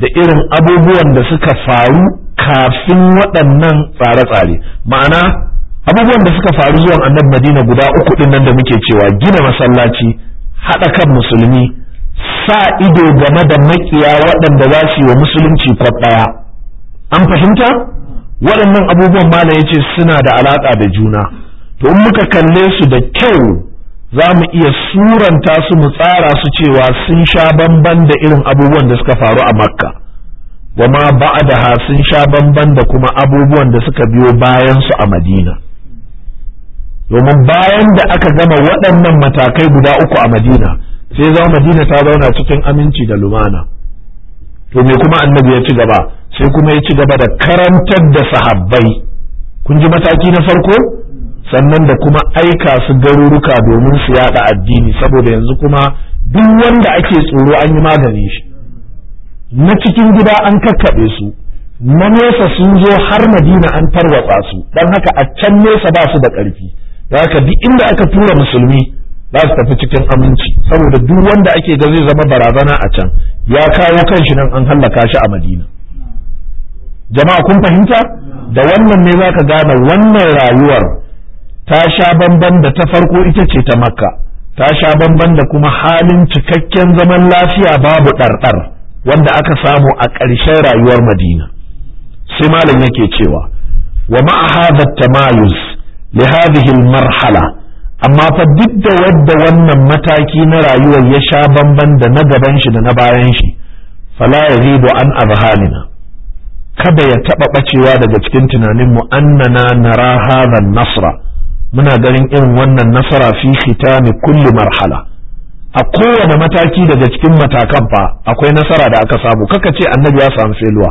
da irin abubuwan da suka faru kafin waɗannan tsare-tsare ma'ana abubuwan da suka faru zuwan annabi madina guda uku ɗin nan da muke cewa gina masallaci haɗa kan musulmi sa ido game da maƙiya waɗanda za su yi wa musulunci kwab ɗaya an fahimta waɗannan abubuwan malami ya ce suna da alaƙa da juna to in muka kalle su da kyau za mu iya suranta su mu tsara su cewa sun sha bamban da irin abubuwan da suka faru a makka wa ma ba'daha sun sha bamban da kuma abubuwan da suka biyo bayan su a madina domin bayan da aka gama waɗannan matakai guda uku a madina sai zama madina ta zauna cikin aminci da lumana to me kuma annabi ya ci gaba sai kuma ya ci gaba da karantar da sahabbai kun ji mataki na farko sannan da kuma aika su garuruka domin su yada addini saboda yanzu kuma duk wanda ake tsoro an yi magani shi na cikin gida an kakkaɓe su na nesa sun zo har madina an tarwatsa su don haka a can nesa ba su da ƙarfi da haka duk inda aka tura musulmi za su tafi cikin aminci saboda duk wanda ake ga zai zama barazana a can ya kawo kanshi nan an hallaka shi a madina jama'a kun fahimta da wannan ne za ka gane wannan rayuwar ta sha bamban da ta farko ita ce ta makka ta sha bamban da kuma halin cikakken zaman lafiya babu ɗarɗar wanda aka samu a ƙarshen rayuwar madina sai malam yake cewa wa ma'a hadha tamayuz li hadhihi marhala amma fa duk da wadda wannan mataki na rayuwar ya sha bamban da na gaban shi da na bayan shi fala yazidu an azhanina kada ya taɓa ɓacewa daga cikin tunaninmu annana nara hadha nasra muna ganin irin wannan nasara fi khitami kulli marhala a kowane mataki daga cikin matakan fa akwai nasara da aka samu kaka ce annabi ya samu feluwa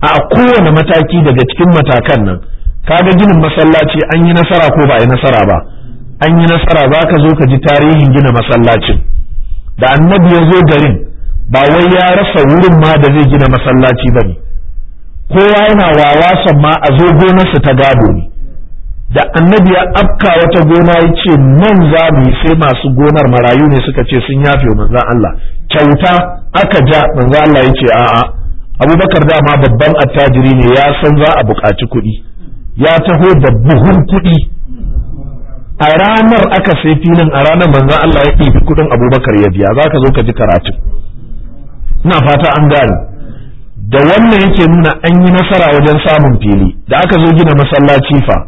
a kowane mataki daga cikin matakan nan ka ga ginin masallaci an yi nasara ko ba a yi nasara ba an yi nasara za ka zo ka ji tarihin gina masallacin da annabi ya zo garin ba wai ya rasa wurin ma da zai gina masallaci ba ne kowa yana wawa ma a zo gonarsa ta gado ne da annabi ya afka wata gona ya ce nan za mu yi sai masu gonar marayu ne suka ce sun yafe manzan Allah kyauta aka ja manzan Allah ya ce a'a abubakar dama babban attajiri ne ya san za a buƙaci kuɗi ya taho da buhun kuɗi a ranar aka sai filin a ranar manzan Allah ya ɗifi kuɗin abubakar ya biya za ka zo ka ji karatu ina fata an gane da wannan yake nuna an yi nasara wajen samun fili da aka zo gina masallaci fa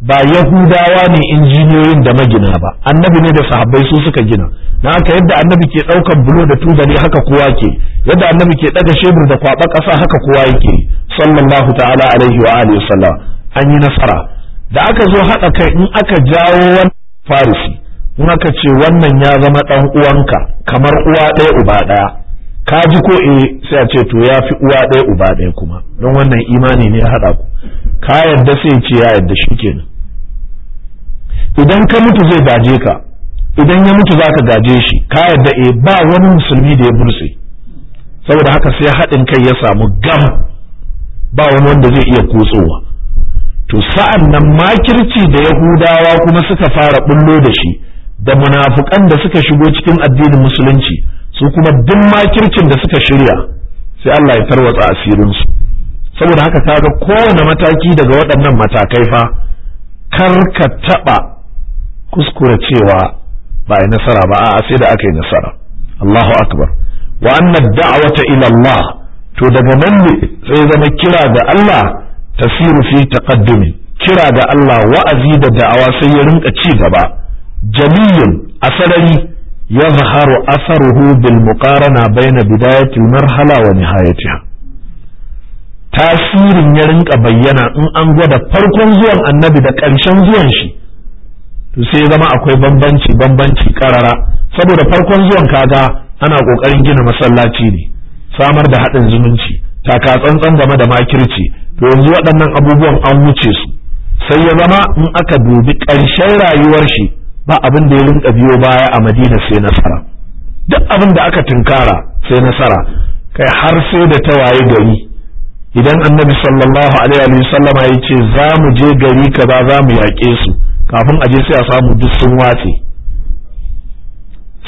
ba yahudawa ne injiniyoyin da magina ba annabi ne da sahabbai su suka gina na haka yadda annabi ke ɗaukan bulo da tubali haka kowa ke yadda annabi ke ɗaga shebur da kwaɓa kasa haka kowa yake sallallahu ta'ala alaihi wa alihi sallam an yi nasara da aka zo haɗa kai in aka jawo wani farisi in aka ce wannan ya zama ɗan uwanka kamar uwa ɗaya uba ɗaya ka ji ko eh sai a ce to ya fi uwa ɗaya uba ɗaya kuma don wannan imani ne ya haɗa ku ka yarda sai ce ya yadda shi kenan idan ka mutu zai gaje ka idan ya mutu za ka gaje shi ka yadda e ba wani musulmi da ya burse saboda haka sai haɗin kai ya samu gam ba wani wanda zai iya kutsowa to sa'an nan makirci da yahudawa kuma suka fara bullo da shi da munafukan da suka shigo cikin addinin musulunci su kuma duk makircin da suka shirya sai Allah ya tarwatsa asirinsu saboda haka kaga kowane mataki daga waɗannan matakai fa kar ka taɓa Kuskure cewa ba a yi nasara ba a sai da aka yi nasara Allahu akbar wa anna da'wata ila Allah to daga nan ne sai zama kira ga Allah tasiru fi taqaddumi kira ga Allah wa'azi da da'awa sai ya rinka ci gaba jamiyun asarari bil muqarana بالمقارنة bidayati marhala wa nihayatiha tasirin ya rinka bayyana in an gwada farkon zuwan annabi da ƙarshen zuwan shi sai zama akwai bambanci bambanci karara saboda farkon zuwan kaga ana kokarin gina masallaci ne samar da haɗin zumunci taka tsantsan game da makirci to yanzu waɗannan abubuwan an wuce su sai ya zama in aka dubi ƙarshen rayuwar shi ba abin da ya rinka biyo baya a madina sai nasara duk abin da aka tunkara sai nasara kai har sai da ta tawaye gari idan annabi sallallahu alaihi wa ya ce za mu je gari kaza za mu yaƙe su kafin a je sai a samu duk sun watse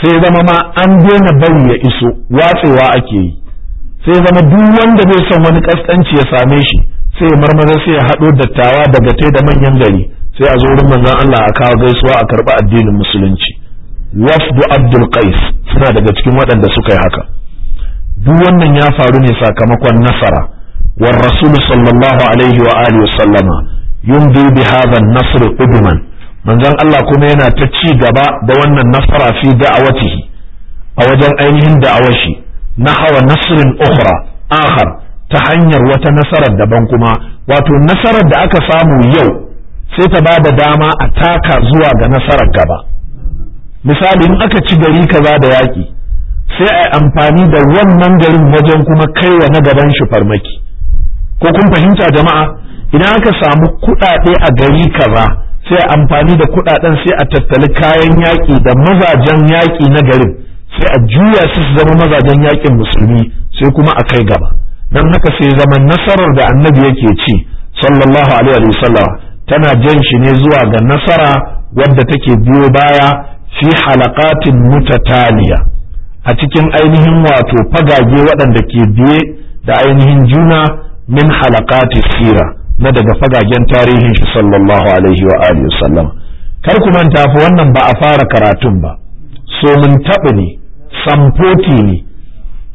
sai zama ma an daina bari ya iso watsewa ake yi sai zama duk wanda bai son wani kaskanci ya same shi sai ya sai ya haɗo dattawa daga tai da manyan gari sai a zo wurin manzon Allah a kawo gaisuwa a karɓi addinin musulunci wasdu abdul qais suna daga cikin waɗanda suka yi haka duk wannan ya faru ne sakamakon nasara wa rasul sallallahu alaihi wa alihi sallama yumdi bi hadha an-nasr qudman manzon Allah kuma yana ta ci gaba da wannan nasara fi da'awatihi a wajen ainihin da'awar shi hawa nasrin ukhra akhar ta hanyar wata nasarar daban kuma wato nasarar da aka samu yau sai ta ba da dama a taka zuwa ga nasarar gaba misali in aka ci gari kaza da yaƙi sai a amfani da wannan garin wajen kuma kaiwa na gaban shi farmaki ko kun fahimta jama'a idan aka samu kuɗaɗe a gari kaza sai amfani da kudaden sai a tattali kayan yaƙi da mazajen yaƙi na garin sai a juya su su zama mazajen yaƙin musulmi sai kuma a kai gaba don haka sai zaman nasarar da annabi yake ci sallallahu alaihi wa tana jan shi ne zuwa ga nasara wadda take biyo baya fi halaqatin mutataliya a cikin ainihin wato fagage waɗanda ke biye da ainihin juna min halaqatis sira na daga fagagen tarihin shi sallallahu alaihi wa alihi wasallam kar ku manta fa wannan ba a fara karatun ba so mun taɓa ne samfoti ne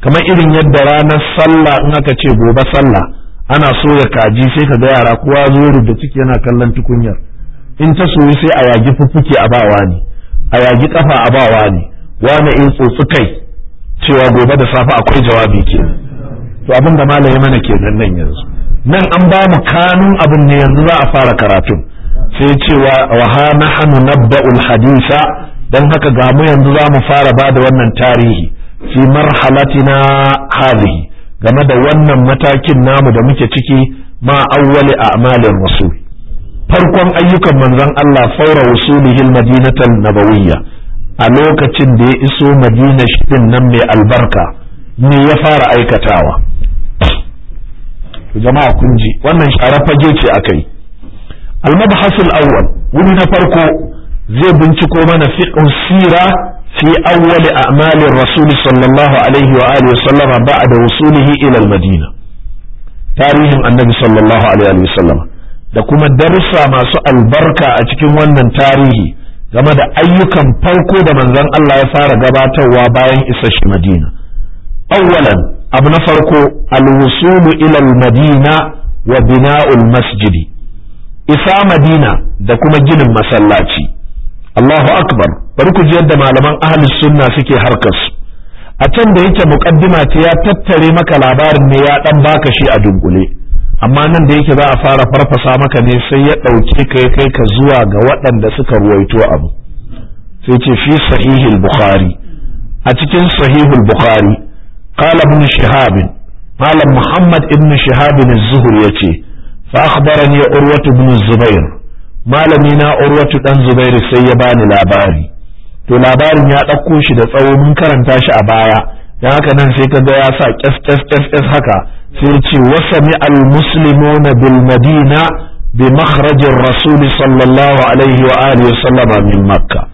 kamar irin yadda ranar sallah in aka ce gobe sallah ana soya kaji sai ka ga yara kowa zo da ciki yana kallon tukunyar in ta soyi sai a yagi fuffuke a bawa wani a yagi kafa a bawa ne wani in tsotsi kai cewa gobe da safe akwai jawabi ke to abin da malam ya mana kenan nan yanzu nan an ba mu kanun abin ne yanzu za a fara karatun sai cewa wa ha na nabba'ul hadisa don haka ga mu yanzu za mu fara ba da wannan tarihi fi marhalatina hadhihi game da wannan matakin namu da muke ciki ma awwali amalin rasul farkon ayyukan manzon Allah faura wusulihi madinatan nabawiyya a lokacin da ya iso madina shi nan mai albarka ne ya fara aikatawa jama'a kun ji wannan sharar fage ce akai al almabhasul awwal wuri na farko zai binciko mana fiqh sira fi awwal a'malir rasul sallallahu alaihi wa alihi wasallam ba'da wusulihi ila al tarihin annabi sallallahu alaihi wa sallam da kuma darussa masu albarka a cikin wannan tarihi game da ayyukan farko da manzon Allah ya fara gabatarwa bayan isar shi Madina awwalan abu na farko alwusulu ilal madina wa bina'ul masjidi isa madina da kuma ginin masallaci Allahu akbar bari ku ji yadda malaman ahlus sunna suke harkar su a can da yake muqaddima ce ya tattare maka labarin ne ya dan baka shi a dunkule amma nan da yake za a fara farfasa maka ne sai ya dauke ka ya kai ka zuwa ga waɗanda suka ruwaito abu sai ce fi sahihul bukhari a cikin sahihul bukhari qala ibn malam muhammad ibn shihab az-zuhr yace fa akhbarani urwa ibn zubair malami na urwatu dan Zubairu sai ya bani labari to labarin ya ɗauko shi da tsawo karanta shi a baya dan haka nan sai kaga ya sa kyas kyas haka sai ya ce wasami al-muslimuna bil madina bi makhrajir rasul sallallahu alaihi wa wa sallama min makkah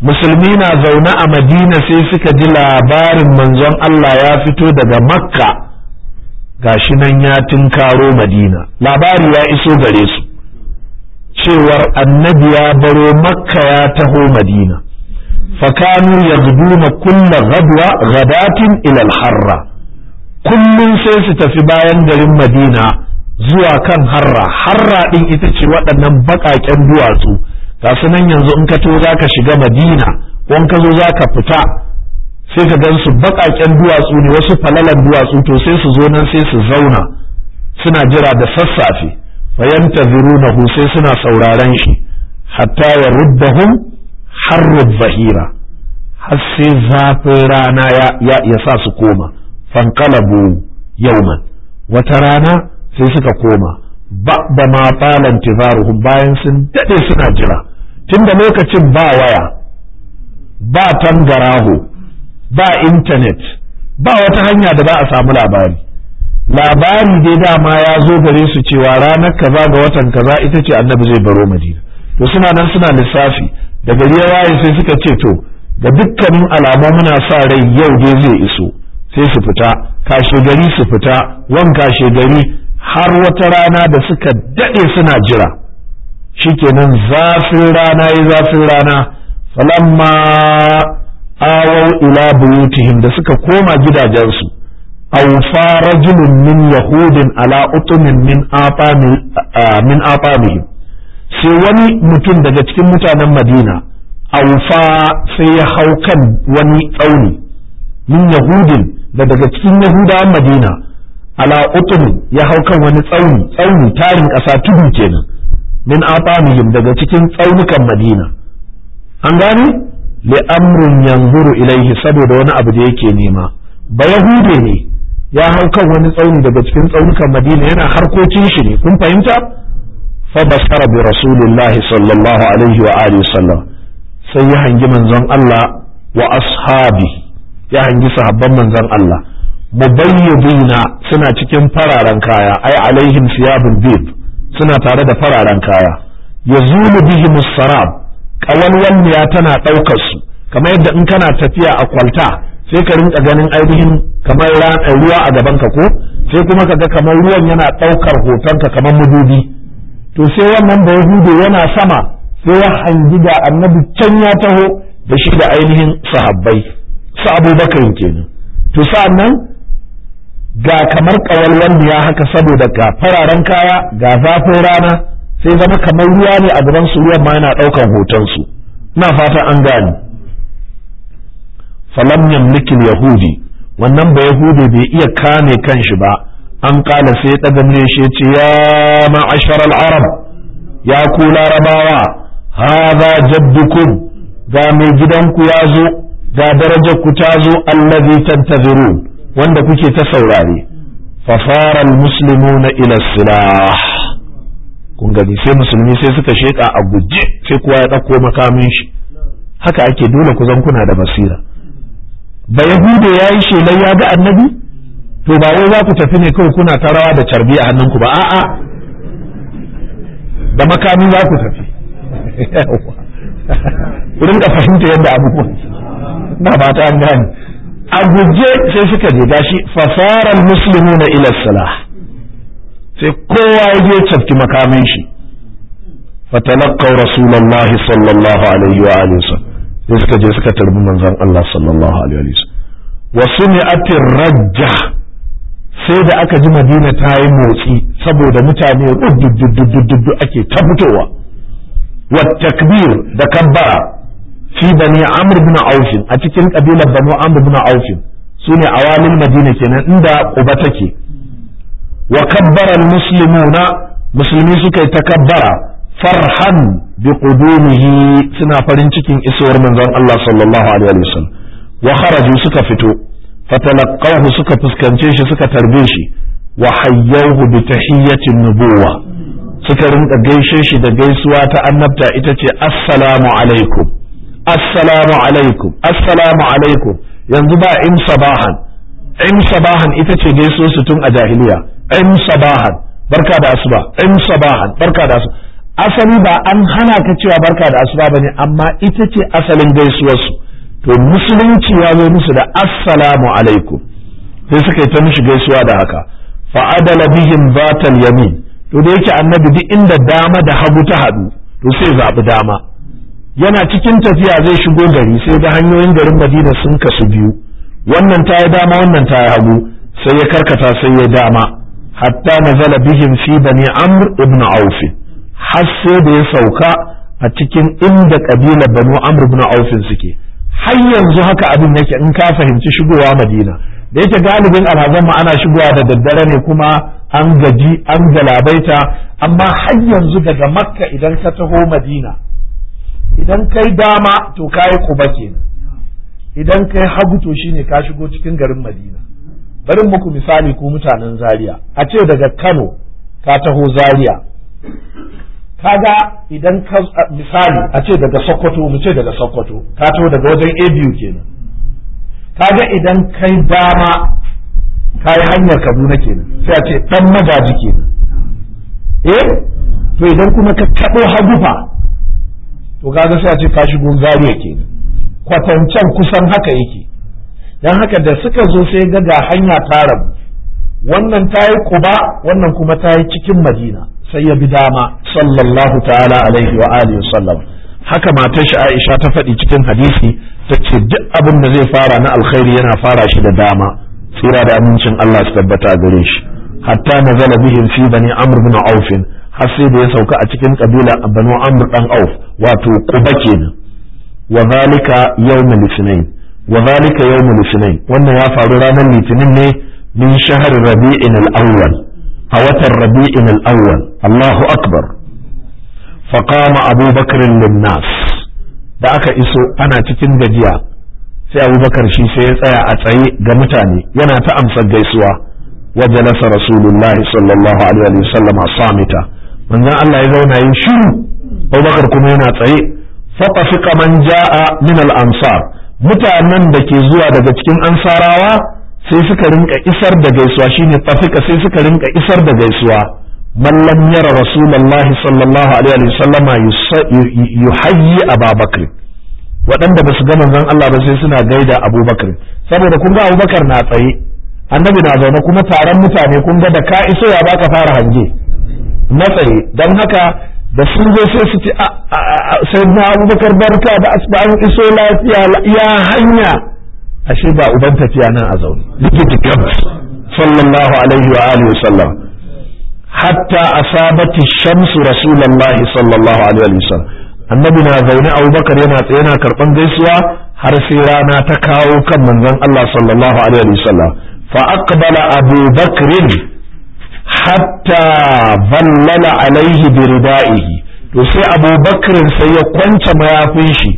musulmi na zaune a madina sai suka ji labarin manzon Allah ya fito daga makka gashi nan ya tunkaro madina labari ya iso gare su cewar annabi ya baro makka ya taho madina fakanu ya kulla gadwa gadatin ilal harra kullum sai su tafi bayan garin madina zuwa kan harra harra ɗin ita ce waɗannan baƙaƙen duwatsu ga nan yanzu in ka to za ka shiga madina ko in ka zo za ka fita sai ka gan su baƙaƙen duwatsu ne wasu falalan duwatsu to sai su zo nan sai su zauna suna jira da sassafe fayanta zirunahu sai suna sauraren shi hatta ya har harrub zahira har sai zafin rana ya sa su koma fankalabu yauman wata rana sai suka koma ba da ma falan bayan sun daɗe suna jira tun da lokacin ba waya ba tangaraho ba intanet ba wata hanya da za a samu labari labari dai dama ya zo gare su cewa ranar kaza ga watan kaza ita ce annabi zai baro madina to suna nan suna lissafi da gari ya waye sai suka ce to ga dukkanin alamu muna sa rai yau dai zai iso sai su fita kashe gari su fita wanka kashe har wata rana da suka dade suna jira shikenan zafin rana ya zafin rana falamma awau ila buyutihim da suka koma gidajensu awfa rajulun min yahudin ala utumin min afami min afamihim sai wani mutum daga cikin mutanen madina fa sai ya hau kan wani tsauni min yahudin da daga cikin yahudawan madina ala utumin ya hau kan wani tsauni tsauni tarin ƙasa tudu kenan min atamihim daga cikin tsaunukan madina an gane li'amrun yanzuru ilaihi saboda wani abu da yake nema ba yahude ne ya hau kan wani tsauni daga cikin tsaunukan madina yana harkokin shi ne kun fahimta fa basara bi rasulillahi sallallahu alaihi wa alihi sallam sai ya hangi manzon Allah wa ashabi ya hangi sahabban manzon Allah mubayyidina suna cikin fararen kaya ai alaihim siyabun bid suna tare da fararen kaya ya zulu bihi musarab ƙawalwalniya tana ɗaukar su kamar yadda in kana tafiya a kwalta sai ka rinka ganin ainihin kamar eh, ruwa a gaban ka ko sai kuma ka ga kamar ruwan yana ɗaukar hotonka kamar mudubi. to sai wannan da yahudu yana sama sai ya hangi da annabi can ya taho da shi da ainihin sahabbai su abubakar kenan to sa'an nan ga kamar ƙawalwal ya haka saboda ga fararen kaya ga zafin rana sai zama kamar ruwa ne a gaban su ruwan ma yana ɗaukan hotonsu na fata an gane falam yamlikin yahudi wannan ba yahudi bai iya kame kanshi ba an kala sai ɗaga shi ce ya ma'ashar al'arab ya ku larabawa haza jaddukum ga mai gidanku ya zo ga darajar ku ta zo allazi tantaziru wanda kuke ta saurare fafara muslimuna ila silah kun gani sai musulmi sai suka sheka a guje sai kowa ya ɗauko makamin shi haka ake dole ku zan kuna da basira ba yahuda ya yi shelar ya ga annabi to ba wai za ku tafi ne kawai kuna ta rawa da carbi a hannunku ba a'a da makami za ku tafi rinka fahimta yadda abubuwan na ba ta gani a guje sai suka je gashi fasaran muslimuna ila salah sai kowa ya je cafki makamin shi fatalaqqa rasulullahi sallallahu alaihi wa alihi sai suka je suka tarbi manzon Allah sallallahu alaihi wa alihi wa rajja sai da aka ji Madina ta yi motsi saboda mutane duk ake ta fitowa wa takbir da kabbara fi bani amr bin auf a cikin kabilar banu amr bin auf sune awalin madina kenan inda quba take wa kabbara musulmi suka yi takabbara farhan bi qudumihi suna farin cikin isowar manzon Allah sallallahu alaihi wasallam wa kharaju suka fito fatalaqahu suka fuskance shi suka tarbe shi wa hayyawhu bi tahiyyatin nubuwa suka rinka gaishe shi da gaisuwa ta annabta ita ce assalamu alaikum assalamu alaikum assalamu alaikum yanzu ba in sabahan in sabahan ita ce so su tun a jahiliya in sabahan barka da asuba in sabahan barka da asuba asali ba an hana ka cewa barka da asuba bane amma ita ce asalin gaisuwar su to musulunci ya zo musu da assalamu alaikum sai suka ta mishi gaisuwa da haka fa'adala bihim batal yamin to da yake annabi duk inda dama da hagu ta haɗu to sai zaɓi dama yana cikin tafiya zai shigo gari sai ga hanyoyin garin madina sun kasu biyu wannan ta yi dama wannan ta yi hagu sai ya karkata sai ya dama hatta nazala bihim fi bani amr ibn auf har sai da ya sauka a cikin inda kabila banu amr ibn auf suke har yanzu haka abin yake in ka fahimci shigowa madina da yake galibin alhazan ma ana shigowa da daddare ne kuma an gaji an galabaita amma har yanzu daga makka idan ka taho madina idan kai dama to kai kuba kenan idan kai hagu to shine ka shigo cikin garin madina bari muku misali ku mutanen zaria a ce daga kano ka taho zaria kaga idan ka misali a ce daga sokoto mu ce daga sokoto ka taho daga wajen abu kenan kaga idan kai dama ka yi hanyar kaduna kenan sai a ce dan magaji kenan eh to idan kuma ka taɓo hagu fa to kaga sai a ce ka shigo zariya kenan kwatancan kusan haka yake dan haka da suka zo sai ga ga hanya ta wannan ta yi kuba wannan kuma ta yi cikin madina sai ya bi dama sallallahu ta'ala alaihi wa alihi haka matar shi Aisha ta faɗi cikin hadisi ta ce duk abin da zai fara na alkhairi yana fara shi da dama tsira da amincin Allah su tabbata gare shi hatta nazala bihim fi bani amr bin aufin. har sai da ya sauka a cikin kabila banu amr dan auf wato quba kenan wa zalika yawmul isnain wa zalika yawmul isnain wannan ya faru ranar litinin ne min shahr rabi'in al-awwal a watan rabi'in al-awwal Allahu akbar faqama Abu Bakr lin-nas da aka iso ana cikin gajiya sai Abubakar shi sai ya tsaya a tsaye ga mutane yana ta amsar gaisuwa wajalasa rasulullahi sallallahu alaihi wasallam samita manzan Allah ya zauna yi shiru Abubakar kuma yana tsaye faqafiqa kaman jaa min al-ansar mutanen da ke zuwa daga cikin ansarawa sai suka rinka isar da gaisuwa shine fafika sai suka rinka isar da gaisuwa man lam yara rasulullahi sallallahu alaihi wa sallama yuhayyi ababakar waɗanda ba su ga manzon Allah ba sai suna gaida abubakar saboda kun ga abubakar na tsaye annabi na zaune kuma taron mutane kun ga da ka iso ya baka fara hange Matsayi, don haka da sun zo sai su ci sai na abubakar barka da asibani iso lafiya ya hanya ashe ba uban tafiya nan a zaune likiti gabas sallallahu alaihi wa alihi wasallam hatta asabati shamsu rasulullahi sallallahu alaihi wa sallam annabi na zaune abubakar yana tsaye yana karban gaisuwa har sai rana ta kawo kan manzon Allah sallallahu alaihi wa sallam fa aqbala abubakrin hatta vallala alaihi biridaihi to sai abubakar sai ya kwance mayafin shi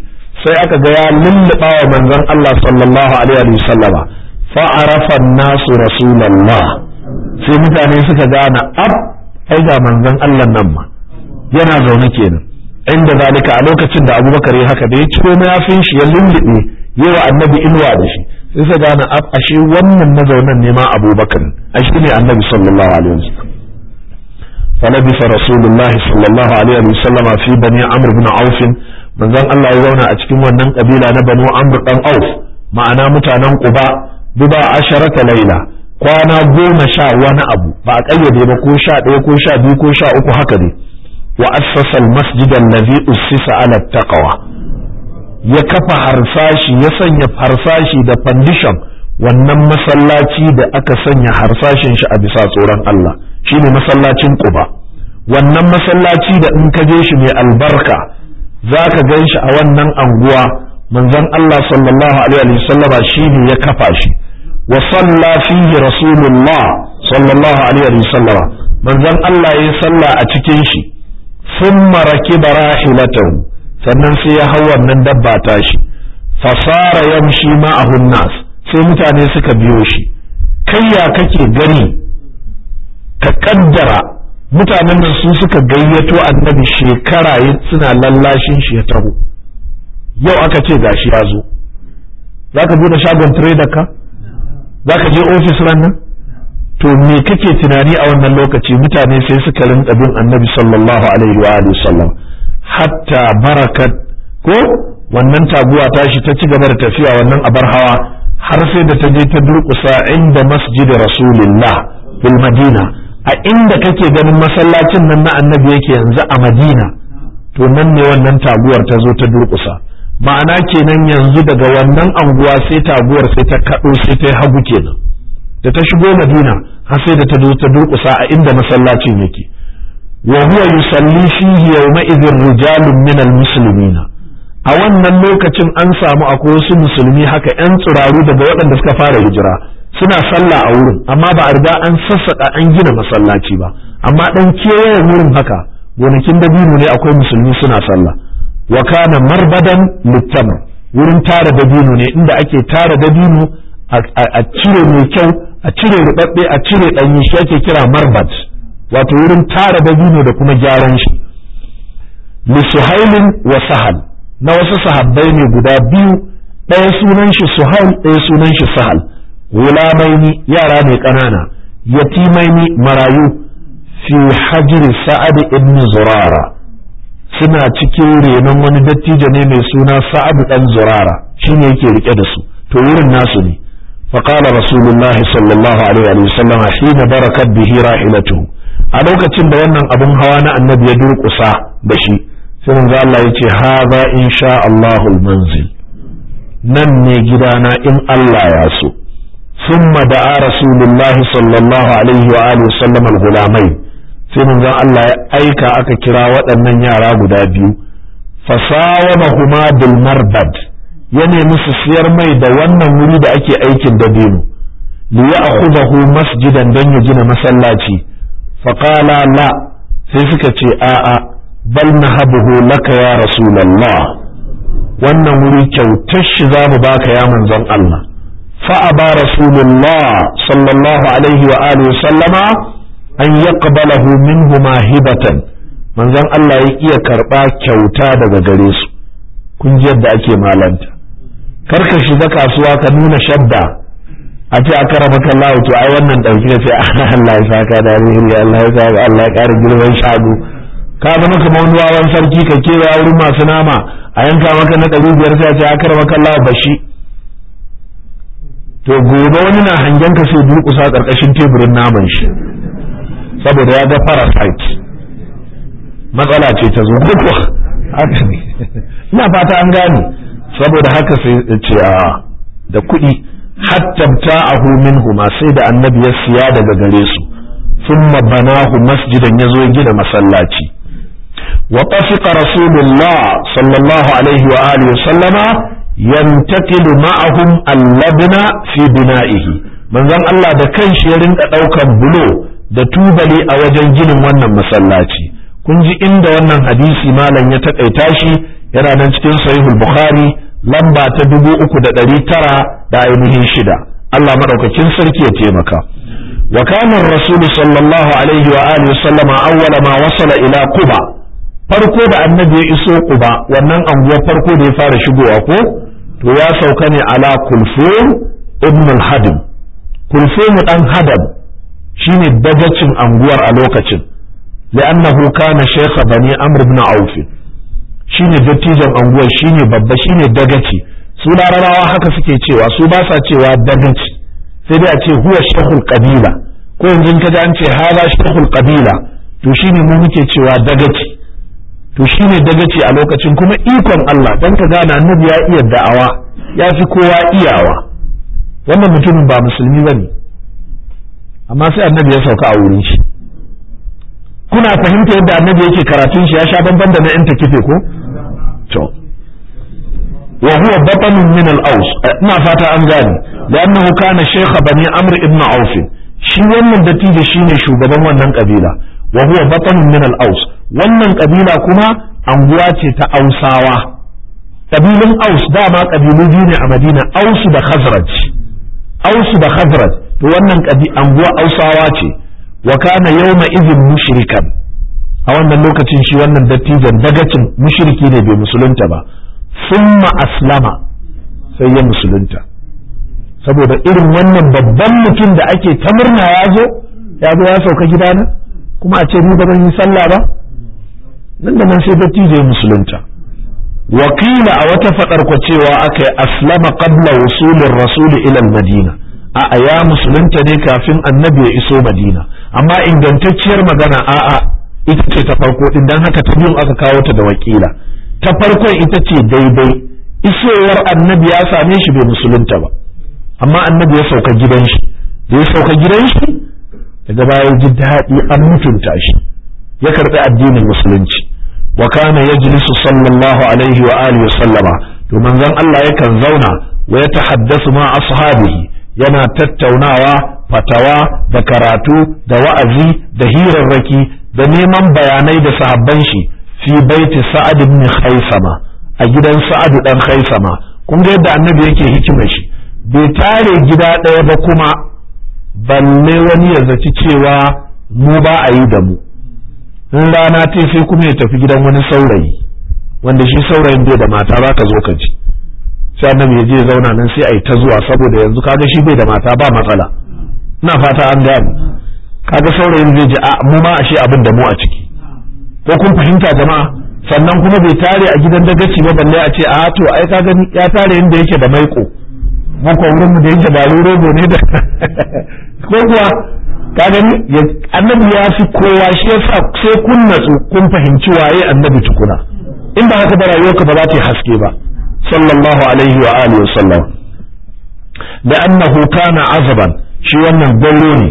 sai aka ga ya lullaba wa manzon Allah sallallahu alaihi wa sallama fa arafa nasu rasulullah sai mutane suka gane ab ai ga manzon Allah nan ma yana zaune kenan inda zalika a lokacin da abubakar ya haka da ya ciro mayafin shi ya lulluɓe yawa annabi inuwa da shi sai sai gane ashe wannan mazaunan ne ma abubakar ashe ne annabi sallallahu alaihi wasallam فلبث رسول الله صلى الله عليه وسلم في بني عمرو بن عوف manzon Allah ya zauna a cikin wannan kabila na bani Amr dan Auf ma'ana mutanen Quba duba asharata laila kwana goma sha wani abu ba a kayyade ba ko sha ɗaya ko sha biyu ko sha uku haka ne? wa masjidan al-masjid allazi ussisa ala ya kafa harsashi ya sanya harsashi da fandishon wannan masallaci da aka sanya harsashin shi a bisa tsoron Allah shine masallacin ƙuba wannan masallaci da in ka je shi mai albarka zaka gan shi a wannan anguwa manzon Allah sallallahu alaihi wasallama shine ya kafa shi wa salla fihi rasulullah sallallahu alaihi wasallama manzon Allah ya salla a cikin shi thumma rakiba rahilatahu sannan sai ya hau wannan dabba tashi fasara yamshi ma'ahun nas sai mutane suka biyo shi kai ya kake gani ka kaddara mutanen nan su suka gayyato annabi shekara suna lallashin shi ya taho yau aka ce gashi ya zo za ka na shagon trader ka za ka je ofis ranar to me kake tunani a wannan lokaci mutane sai suka rinka bin annabi sallallahu alaihi wa sallam hatta barakat ko wannan taguwa tashi ta ci gaba da tafiya wannan abar hawa har sai da ta je ta durƙusa inda masjid rasulillah bil madina a inda kake ganin masallacin nan na annabi yake yanzu a madina to nan ne wannan taguwar ta zo ta durƙusa ma'ana kenan yanzu daga wannan anguwa sai taguwar sai ta kaɗo sai ta hagu kenan da ta shigo madina har sai da ta zo ta durƙusa a inda masallacin yake wa huwa yusalli fihi yawma idhin rijalun min a wannan lokacin an samu akwai wasu musulmi haka yan tsiraru daga waɗanda suka fara hijira suna sallah a wurin amma ba a riga an sassaƙa an gina masallaci ba amma ɗan kewayen wurin haka gonakin dabino ne akwai musulmi suna sallah wa kana marbadan littamr wurin tara dabino ne inda ake tara dabino a cire mai kyau a cire rubabbe a cire ɗanyi shi ake kira marbad wato wurin tara dabino da kuma gyaran shi li suhailin wa sahal na wasu sahabbai ne guda biyu ɗaya sunan shi suhail ɗaya sunan shi sahal gulamaini yara mai ƙanana yatimaini marayu fi hajir sa'ad ibn zurara suna cikin renon wani dattijo ne mai suna sa'ad Ɗan zurara shine yake rike da su to wurin nasu ne فقال رسول الله صلى الله عليه وسلم حين بركت به راحلته a lokacin da wannan abin hawa na annabi ya durkusa da shi sai manzo Allah ya ce haza insha Allahul manzil nan ne gidana in Allah ya so summa da'a rasulullah sallallahu alaihi wa alihi sallam al-gulamai sai manzo Allah ya aika aka kira waɗannan yara guda biyu fasawamahuma bil marbad ya nemi su siyar mai da wannan wuri da ake aikin dabino a ya'khudahu masjidan dan ya gina masallaci faƙala la sai suka ce a'a bal na habuhu laka ya rasulallah wannan wuri kyautar shi za mu baka ya manzon Allah fa'aba rasulullah sallallahu alaihi wa alihi sallama an yaqbalahu minhuma hibatan manzon Allah ya iya karɓa kyauta daga gare su kun yadda ake malanta ka shiga kasuwa ka nuna shadda a ce a kara maka to ai wannan dauki ka ce Allah ya saka da alheri Allah ya saka Allah ya kara girman shago ka zama kamar wani wawan sarki ka kewa wurin masu nama a yanka maka na ɗari biyar sai a ce a kara maka bashi to gobe wani na hangen ka sai durƙusa ƙarƙashin teburin naman shi saboda ya ga parasite matsala ce ta zo ko haka ne ina fata an gane saboda haka sai ce a da kuɗi hatta ta'ahu minhuma sai da annabi ya siya daga gare su thumma banahu masjidan yazo gina masallaci wa tafiqa rasulullah sallallahu alaihi wa alihi wa sallama yantaqilu ma'ahum allabna fi bina'ihi manzon Allah da kanshi ya rinka ɗaukar bulo da tubali a wajen ginin wannan masallaci kun ji inda wannan hadisi malam ya takaita shi yana nan cikin sahihul bukhari lamba ta dubu uku da ɗari tara da ainihin shida Allah maɗaukakin sarki ya taimaka wa kana rasulu sallallahu alaihi wa alihi sallama awwala ma wasala ila kuba. farko da annabi ya iso kuba, wannan anguwar farko da ya fara shigowa ko to ya sauka ne ala kulfur ibn al-hadim kulfur dan hadam shine dagacin anguwar a lokacin li'annahu kana shaykha bani amr ibn aufi. Shi ne dattijan anguwar ne babba shi ne dagaci su larabawa haka suke cewa su ba sa cewa dagaci sai dai a ce huwa shehul kabila ko yanzu ka an ce haza shehul kabila to ne mu muke cewa dagaci to shi ne dagaci a lokacin kuma ikon Allah dan ka gana annabi ya iya da'awa ya fi kowa iyawa wannan mutumin ba musulmi bane amma sai annabi ya sauka a wurin shi kuna fahimta yadda annabi yake karatun shi ya sha bamban da na yan takife ko to wa huwa min al-aus eh, ina fata an gane da annahu kana shaykha bani amr ibn auf shi wannan dattijo shine shugaban wannan kabila wa huwa Minal min al-aus wannan kabila kuma anguwa ce ta ausawa kabilun aus dama kabilu biyu ne a madina aus da khazraj aus da khazraj to wannan anguwa ausawa ce wa kana yawma izin mushrikan a wannan lokacin shi wannan dattijan dagacin mushriki ne bai musulunta ba summa aslama sai ya musulunta saboda irin wannan babban mutum da ake ta murna ya zo ya zo ya sauka gidana kuma a ce ni ba zan yi sallah ba nan da nan sai dattijo ya musulunta wakila a wata faɗar cewa aka yi aslama qabla wusulin rasuli ilal madina a'a ya musulunta ne kafin annabi ya iso madina amma ingantacciyar magana a'a ita ce ta farko din dan haka ta biyun aka kawo ta da wakila ta farkon ita ce daidai isowar annabi ya same shi bai musulunta ba amma annabi ya sauka gidan shi da ya sauka gidan shi daga baya ji daɗi an mutunta shi ya karɓi addinin musulunci wa kana yajlisu sallallahu alaihi wa alihi wa sallama to manzon Allah yakan zauna wa ya tahaddasu ma ashabihi yana tattaunawa fatawa da karatu da wa'azi da hirarraki da neman bayanai da sahabban shi fi baiti sa'ad ibn khaisama a gidan sa'ad dan khaisama kun ga yadda annabi yake hikima shi bai tare gida ɗaya ba kuma balle wani ya zaci cewa mu ba a yi da mu in rana ta sai kuma ya tafi gidan wani saurayi wanda shi saurayin bai da mata ba ka zo ka ji sai annabi ya je zauna nan sai a yi ta zuwa saboda yanzu kaga shi bai da mata ba matsala na fata an gane kaga saurayin zai ji a mu ma ashe abin da mu a ciki ko kun fahimta jama'a sannan kuma bai tare a gidan dagaci ba balle a ce a to ai kaga ya tare inda yake da maiƙo. mu ko wurin mu da yake ba robo ne da ko kuwa kaga annabi ya fi kowa shi yasa sai kun natsu kun fahimci waye annabi tukuna in ba haka ba rayuwarka ba za ta yi haske ba sallallahu alaihi wa alihi wasallam da annahu kana azaban shi wannan gauro ne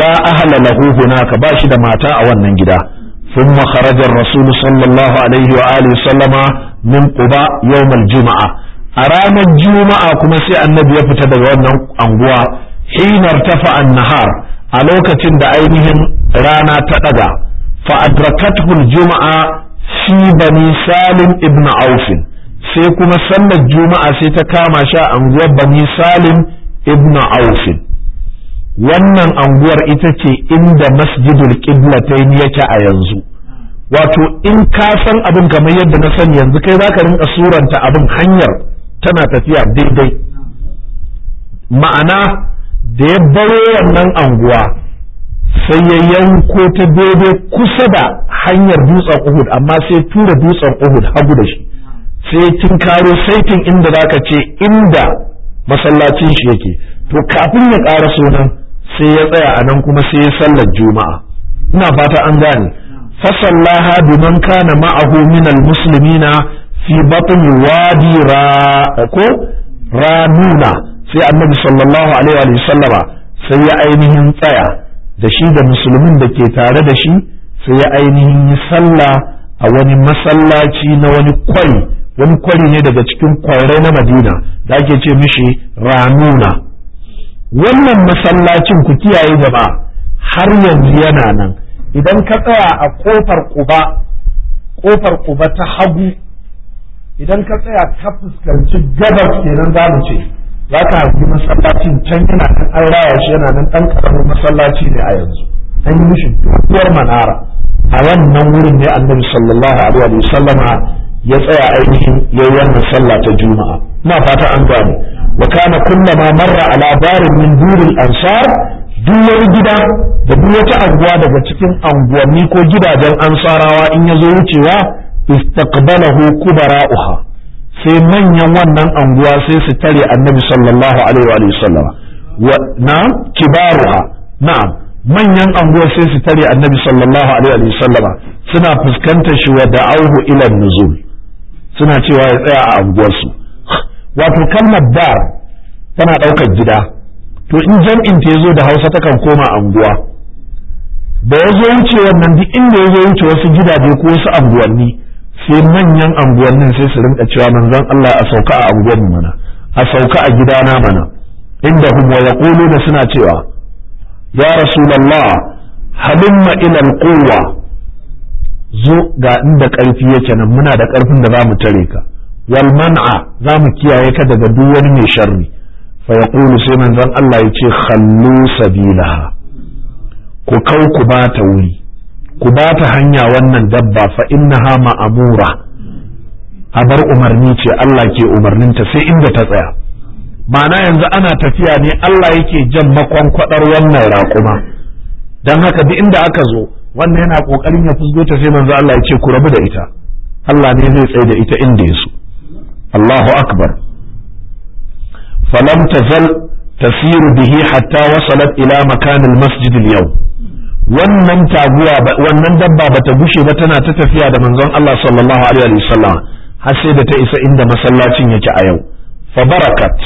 la ahla lahu hunaka ka bashi da mata a wannan gida ثم خرج الرسول صلى الله عليه وآله وسلم juma'a. قباء يوم الجمعة أرام الجمعة كما سي النبي يفتد wannan anguwa حين ارتفع النهار a lokacin da ainihin rana ta ɗaga fa'adrakatun juma'a fi bani salim ibn aufin sai kuma sallar juma'a sai ta kama shi a anguwar bani salim ibn aufin wannan anguwar ita ce inda masjidul yi yake a yanzu wato in ka san abin kamar yadda na sani yanzu kai zaka rinka suranta abin hanyar tana tafiya daidai ma'ana da ya baro wannan anguwa sai ya yanko ta daidai kusa da hanyar dutsen Uhud amma sai tura dutsen Uhud hagu da shi sai tun karo saitin inda zaka ce inda masallacin shi yake to kafin ya ƙara sunan sai ya tsaya a nan kuma sai ya sallar juma'a ina fata an gane fasallaha man kana ma'ahu minal muslimina fi batni wadi ra ko ranuna sai annabi sallallahu alaihi wa sallama sai ya ainihin tsaya da shi da musulmin da ke tare da shi sai ya ainihin yi sallah a wani masallaci na wani kwari wani kwari ne daga cikin kwarai na madina da ake ce mishi ranuna wannan masallacin ku kiyaye gaba har yanzu yana nan idan ka tsaya a kofar kuba kofar kuba ta hagu idan ka tsaya ta fuskanci gabas kenan za mu ce za ka haifi masallacin can yana nan an raya shi yana nan ɗan ƙaramin masallaci ne a yanzu an yi mishi doguwar manara a wannan wurin ne annabi sallallahu alaihi wa ya tsaya ainihin yayin wannan sallah ta juma'a ina fata an gane wa kana kullama marra ala barin min duril ansar duk wani gida da duk wata anguwa daga cikin anguwanni ko gidajen ansarawa in ya zo wucewa istaqbalahu uha, sai manyan wannan anguwa sai su tare annabi sallallahu alaihi wa sallama wa na kibaruha na'am manyan anguwa sai su tare annabi sallallahu alaihi wa sallama suna fuskantar shi wa da'awhu ila nuzul suna cewa ya tsaya a anguwarsu wato kalmar dar tana ɗaukar gida to in jam'in ta zo da hausa takan koma anguwa da ya zo wuce wannan duk inda ya zo wuce wasu gidaje ko wasu anguwanni sai manyan anguwannin sai su rinka cewa manzon Allah a sauka a mu mana a sauka a gidana mana inda hum wa yaquluna suna cewa ya rasulullah halimma ila alquwa zo ga inda ƙarfi yake nan muna da ƙarfin da za mu tare ka wal man'a za mu kiyaye ka daga duk wani mai sharri fa yaqulu sai manzon Allah ya ce khallu sabilaha ku kau ku ba ta wuri ku ba ta hanya wannan dabba fa innaha Hama a bar umarni ce Allah ke umarninta sai inda ta tsaya ma'ana yanzu ana tafiya ne Allah yake jan kwadar wannan raƙuma dan haka duk inda aka zo wannan yana kokarin ya fusgo ta sai manzo Allah ya ce ku rabu da ita Allah ne zai tsaye da ita inda ya so Allahu akbar falam tazal tasiru bihi hatta wasalat ila makan al yau. wannan taguwa wannan dabba bata gushe ba tana ta tafiya da manzon Allah sallallahu alaihi wasallam har sai da ta isa inda masallacin yake a yau fa barakat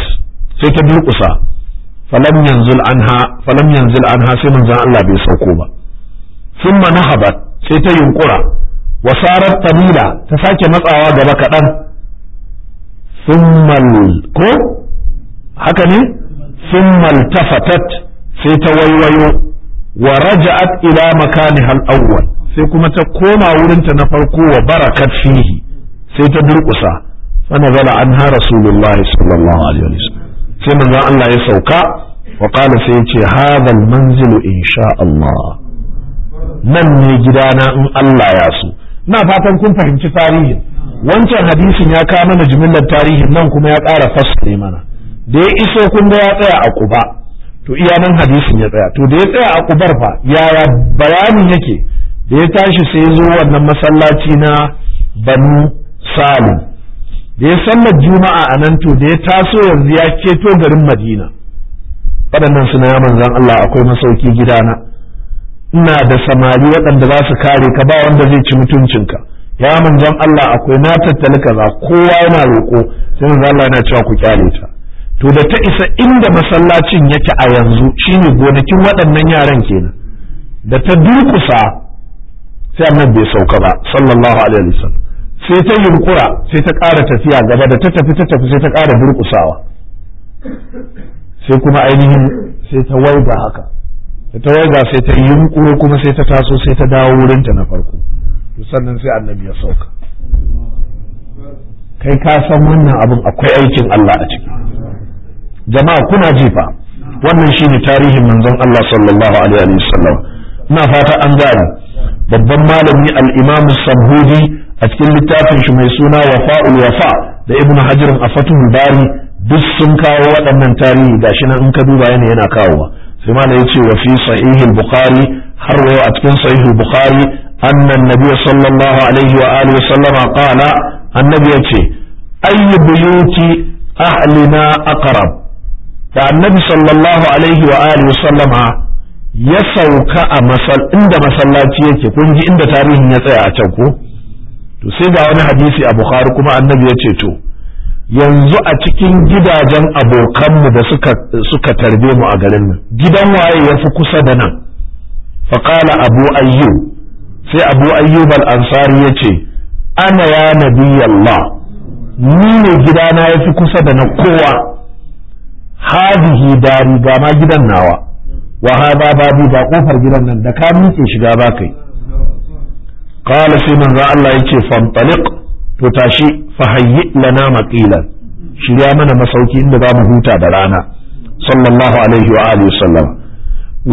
sai ta durkusa falam yanzu anha falam sai manzan Allah bai sauko ba thumma nahabat sai ta yunkura wa sarat tamila ta sake matsawa gaba kaɗan? thumma ko haka ne sun maltafatat sai ta waiwayo wa raja'at ila makani al-awwal sai kuma ta koma wurinta na farko wa barakat fihi sai ta durƙusa fa nazala anha rasulullahi sallallahu alaihi wasallam sai manzon Allah ya sauka wa qala sai yace hadal manzilu insha Allah nan ne gidana in Allah ya so Ina fatan kun fahimci tarihin wancan hadisin ya kawo mana jimillar tarihin nan kuma ya ƙara fassare mana da ya iso kun da ya tsaya a kuba to iya nan hadisin ya tsaya to da ya tsaya a kubar fa yaya bayanin yake da ya tashi sai ya zo wannan masallaci na banu salim da ya sallar juma'a a nan to da ya taso yanzu ya keto garin madina waɗannan suna ya manzan Allah akwai masauki gidana ina da samari waɗanda za su kare ka ba wanda zai ci mutuncinka ya manzan Allah akwai na tattali kaza kowa yana roƙo sai manzan Allah yana cewa ku kyale ta to da ta isa inda masallacin yake a yanzu shine gonakin waɗannan yaran kenan da ta durkusa sai annabi bai sauka ba sallallahu alaihi wasallam sai ta yunkura sai ta ƙara tafiya gaba da ta tafi ta tafi sai ta ƙara durƙusawa sai kuma ainihin sai ta waiga haka da ta waiga sai ta yunkuro kuma sai ta taso sai ta dawo wurinta na farko sannan sai annabi ya sauka kai ka san wannan abin akwai aikin Allah a ciki jama'a kuna jifa wannan shine tarihin manzon Allah sallallahu alaihi wasallam ina fata an gane babban malami al-Imam Samhudi a cikin littafin shi mai suna wafa'ul wafa da ibnu hajarin a fatuhul bari duk sun kawo waɗannan tarihi gashi nan in ka duba yana yana kawowa sai ma ya ce wa fi sahihul bukhari har wa a cikin sahihul bukhari annan nabiy sallallahu alaihi wa alihi sallama qala annabi ya ce ayyu buyuti ahlina aqrab da annabi sallallahu alaihi wa alihi sallama ya sauka a masal inda masallaci yake kun ji inda tarihin ya tsaya a can ko to sai ga wani hadisi a bukhari kuma annabi ya ce to yanzu a cikin gidajen abokanmu da suka suka tarbe mu a garin nan gidan waye ya fi kusa da nan faƙala abu ayyub sai abu ayyub al-ansari ya ce ana ya nabiyallah ni ne gidana ya fi kusa da na kowa hadihi dari ga ma gidan nawa wa hada babu ba kofar gidan nan da ka miƙe shiga ba kai qala sai manzo Allah yace fantaliq to tashi fahayyi lana maqilan shirya mana masauki inda za mu huta da rana sallallahu alaihi wa alihi sallam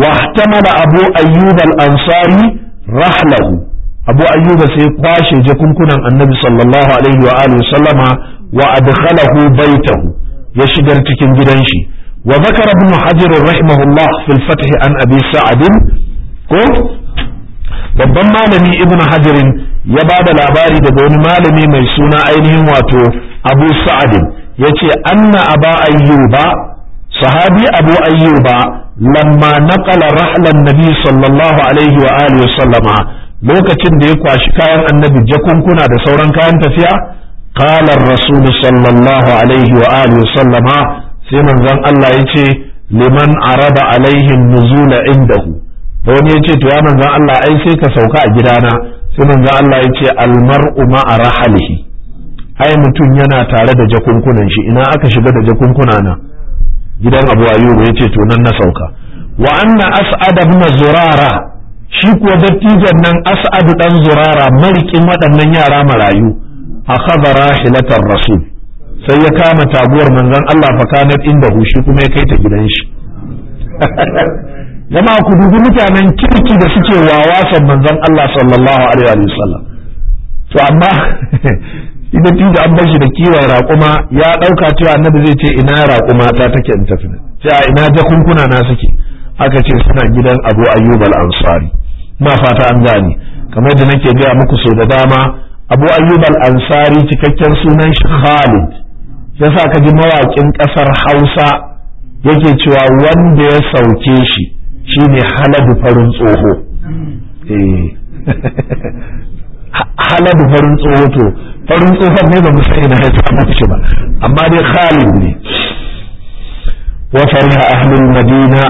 wahtamala abu ayyub ansari rahlahu abu ayyub sai kwashe jakunkunan annabi sallallahu alaihi wa alihi sallama wa baitahu ya shigar cikin gidan shi wa zakara ibn hajar rahimahullah fil fath an abi sa'd ko babban malami ibn hajarin ya ba da labari daga wani malami mai suna ainihin wato abu sa'adin ya ce anna aba ayyuba sahabi abu ayyuba lamma naqala rahlan nabi sallallahu alaihi wa alihi wa sallama lokacin da ya kwashi kayan annabi jakunkuna da sauran kayan tafiya qala rasul sallallahu alaihi wa alihi wa sallama sai manzon Allah ya ce liman arada alaihin nuzula indahu da wani ya ce to ya manzan Allah ai sai ka sauka a gidana sai manzan Allah ya ce almar'u a rahalihi ai mutum yana tare da jakunkunan shi ina aka shiga da jakunkuna na gidan Abu Ayyub ya ce to nan na sauka wa anna as'ad ibn zurara shi kuwa dattijan nan as'ad dan zurara marikin waɗannan yara marayu a akhadha rahilatar rasu sai ya kama taguwar manzon Allah fa kanat inda shi kuma ya kai ta gidan shi Yana ku dubi mutanen kirki da suke wawa san manzon Allah sallallahu alaihi sallam to amma idan tinda an bar shi da kiwon raƙuma ya ɗauka cewa annabi zai ce ina raƙuma ta take in tafi ce a ina jakunkuna na suke aka ce suna gidan abu ayyub al-ansari ma fata an gane kamar da nake gaya muku so da dama abu ayyub al-ansari cikakken sunan shi khalid yasa ka ji mawaƙin ƙasar hausa yake cewa wanda ya sauke shi ne Haladu farin tsoho eh. haladu farin tsoho to farin tsohon ne ba mu sai na haifar shi ba amma dai khalid ne wa fariha ahlul madina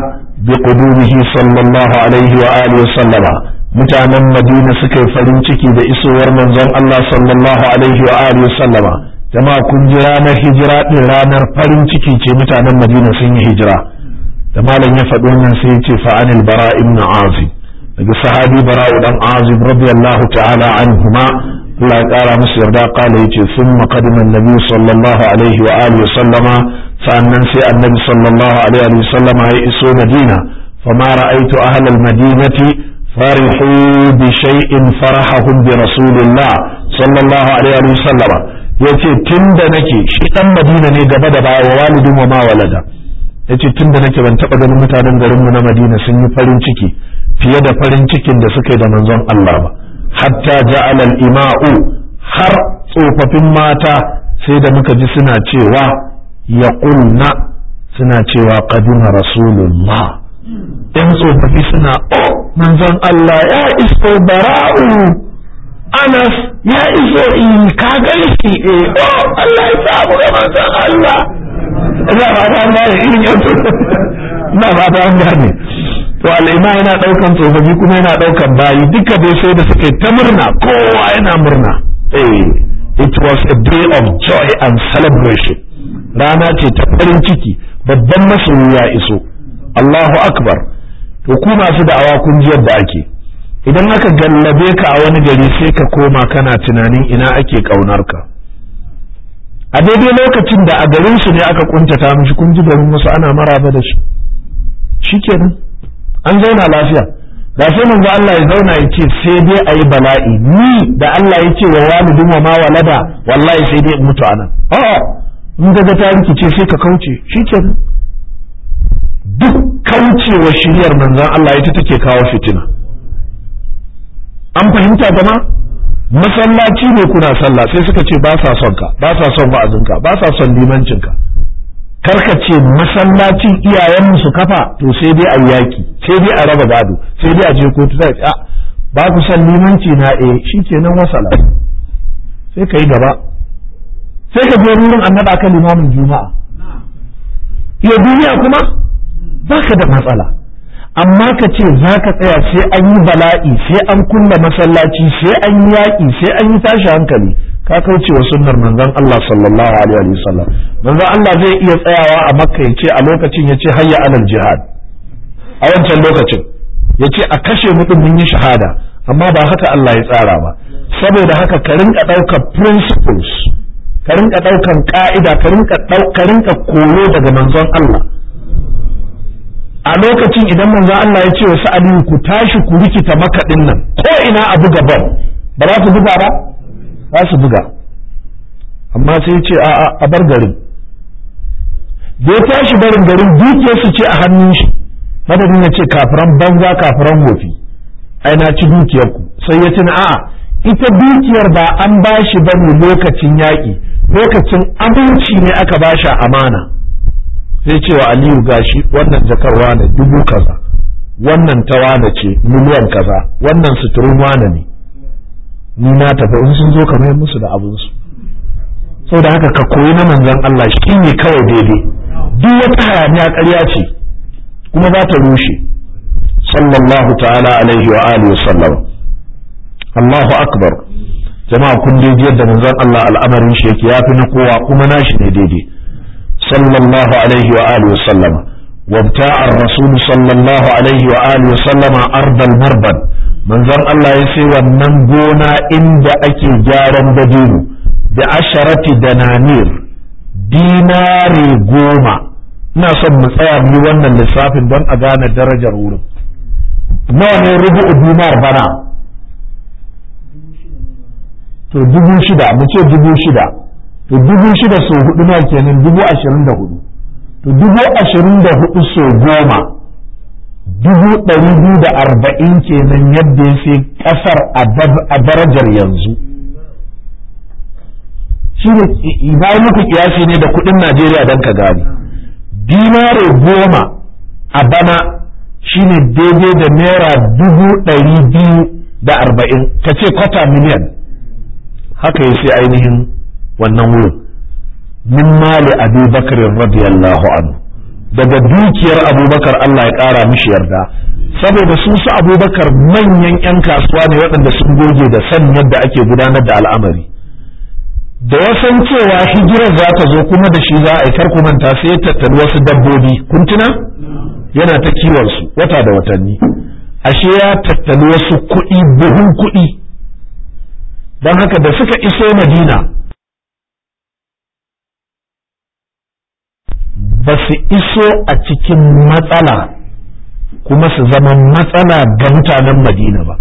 bi qudumihi sallallahu alaihi wa alihi wa sallama mutanen madina suka yi farin ciki da isowar manzon Allah sallallahu alaihi wa alihi wa sallama jama'a kun ji ranar hijira din ranar farin ciki ce mutanen madina sun yi hijira da malam ya faɗo min sai ya ce fa'anil bara ibn azib daga sahabi bara dan azib radiyallahu ta'ala anhuma Allah ya ƙara musu yarda kala yace thumma qadima an-nabi sallallahu alaihi wa alihi wa sallama sa'annan sai annabi sallallahu alaihi wa sallama ya iso madina fama ra'aitu ahla al-madinati فرحوا بشيء فرحهم برسول الله صلى الله عليه sallama yace tun da nake shi dan madina ne gaba da baya wa walidin wa ma walada ya ce tun da nake ban taɓa ganin mutanen garinmu na madina sun yi farin ciki fiye da farin cikin da suka yi da manzon Allah ba hatta ja'alal ima'u har tsofaffin mata sai da muka ji suna cewa ya ƙulna suna cewa qadima rasulullah yan tsofaffi suna oh manzon Allah ya iso bara'u Anas ya iso in eh, ka gan shi eh oh Allah ya samu ga manzon Allah ina ba ta an irin yau ina ba ta an gane to al'ima yana daukan tsofaffi kuma yana daukan bayi duka dai sai da suke ta murna kowa yana murna eh it was a day of joy and celebration rana ce ta farin ciki babban masoyi ya iso Allahu akbar to ku masu da'awa kun ji yadda ake idan aka gallabe ka a wani gari sai ka koma kana tunanin ina ake kaunar ka a daidai lokacin da a garin su ne aka kuntata mishi kun ji garin wasu ana maraba da shi shikenan an zauna lafiya ga sai manzo Allah ya zauna ya ce sai dai ayi bala'i ni da Allah ya ce wa walidin wa ma walada wallahi sai dai mutu anan a'a in ga ta tariki ce sai ka kauce shikenan duk kaucewa shiriyar manzon Allah ita take kawo fitina an fahimta jama'a masallaci ne kuna sallah sai suka ce ba sa son ka ba sa son wa'azinka ba sa son limancinka karka ce masallacin iyayen su kafa to sai dai a yaki sai dai a raba gado sai dai a je kotu sai a ah, ba ku san limanci na eh shikenan wasala sai kai gaba sai ka je wurin annabi akan limamin juma'a ya duniya kuma baka da matsala amma ka ce za ka tsaya sai an yi bala'i sai an kunna masallaci sai an yi yaƙi sai an yi tashi hankali ka kauce wa sunnar manzon Allah sallallahu alaihi wa sallam manzon Allah zai iya tsayawa a makka ya ce a lokacin ya ce hayya alal jihad a wancan lokacin ya ce a kashe mutum mun yi shahada amma ba haka Allah ya tsara ba saboda haka ka rinka ɗaukar principles ka rinka ɗaukar ka'ida ka rinka koyo daga manzon Allah a lokacin idan manzo Allah ya ce wa Aliyu ku tashi ku rikita makaɗin nan ko ina a buga ban ba za su buga ba za su buga amma sai ce a a bar garin da tashi barin garin dukiyar su ce a hannun shi madadin ya ce kafiran banza kafiran wofi ai na ci dukiyar ku sai ya tuna a'a ita dukiyar ba an ba bashi bane lokacin yaki lokacin aminci ne aka bashi amana Sai ce wa aliyu gashi wannan jakar na dubu kaza wannan ta wane ce miliyan kaza wannan suturin wane ne ni na tafi in sun zo kamar musu da abinsu sau da haka ka koyi na manzon Allah shi ne kawai daidai duk wata hayaniya ƙarya ce kuma za ta rushe sallallahu ta'ala alaihi wa alihi wa sallam Allahu akbar jama'a kun dai yadda manzon Allah al'amarin shi yake yafi na kowa kuma nashi ne daidai صلى الله عليه وآله وسلم وابتاع الرسول صلى الله عليه وآله وسلم أرض المربد manzon Allah ya ce wannan gona inda ake gyaran dabino da asharati dananir dinari goma ina son mu tsaya mu wannan lissafin don a gane darajar wurin nawa ne rubu'u dumar bana to dubu shida mu ce dubu shida to dubu shida so hudu na kenan dubu ashirin da hudu to dubu ashirin da hudu so goma dubu ɗari biyu da arba'in kenan yadda ya fi ƙasar a darajar yanzu shi ne bayan muku kiyasi ne da kuɗin najeriya don ka gani dinare goma a bana shi ne daidai da naira dubu ɗari biyu da arba'in ka ce kwata miliyan haka ya sai ainihin wannan wurin min mali abu bakar radiyallahu anhu daga dukiyar abubakar Allah ya kara mishi yarda saboda sun su abubakar manyan 'yan kasuwa ne waɗanda sun goge da san yadda ake gudanar da al'amari da ya san cewa hijirar za ta zo kuma da shi za a yi karku manta sai ya tattali wasu dabbobi kun tuna yana ta kiwon su wata da watanni ashe ya tattali wasu kuɗi buhun kuɗi don haka da suka iso madina ba su iso a cikin matsala kuma su zama matsala ga mutanen madina ba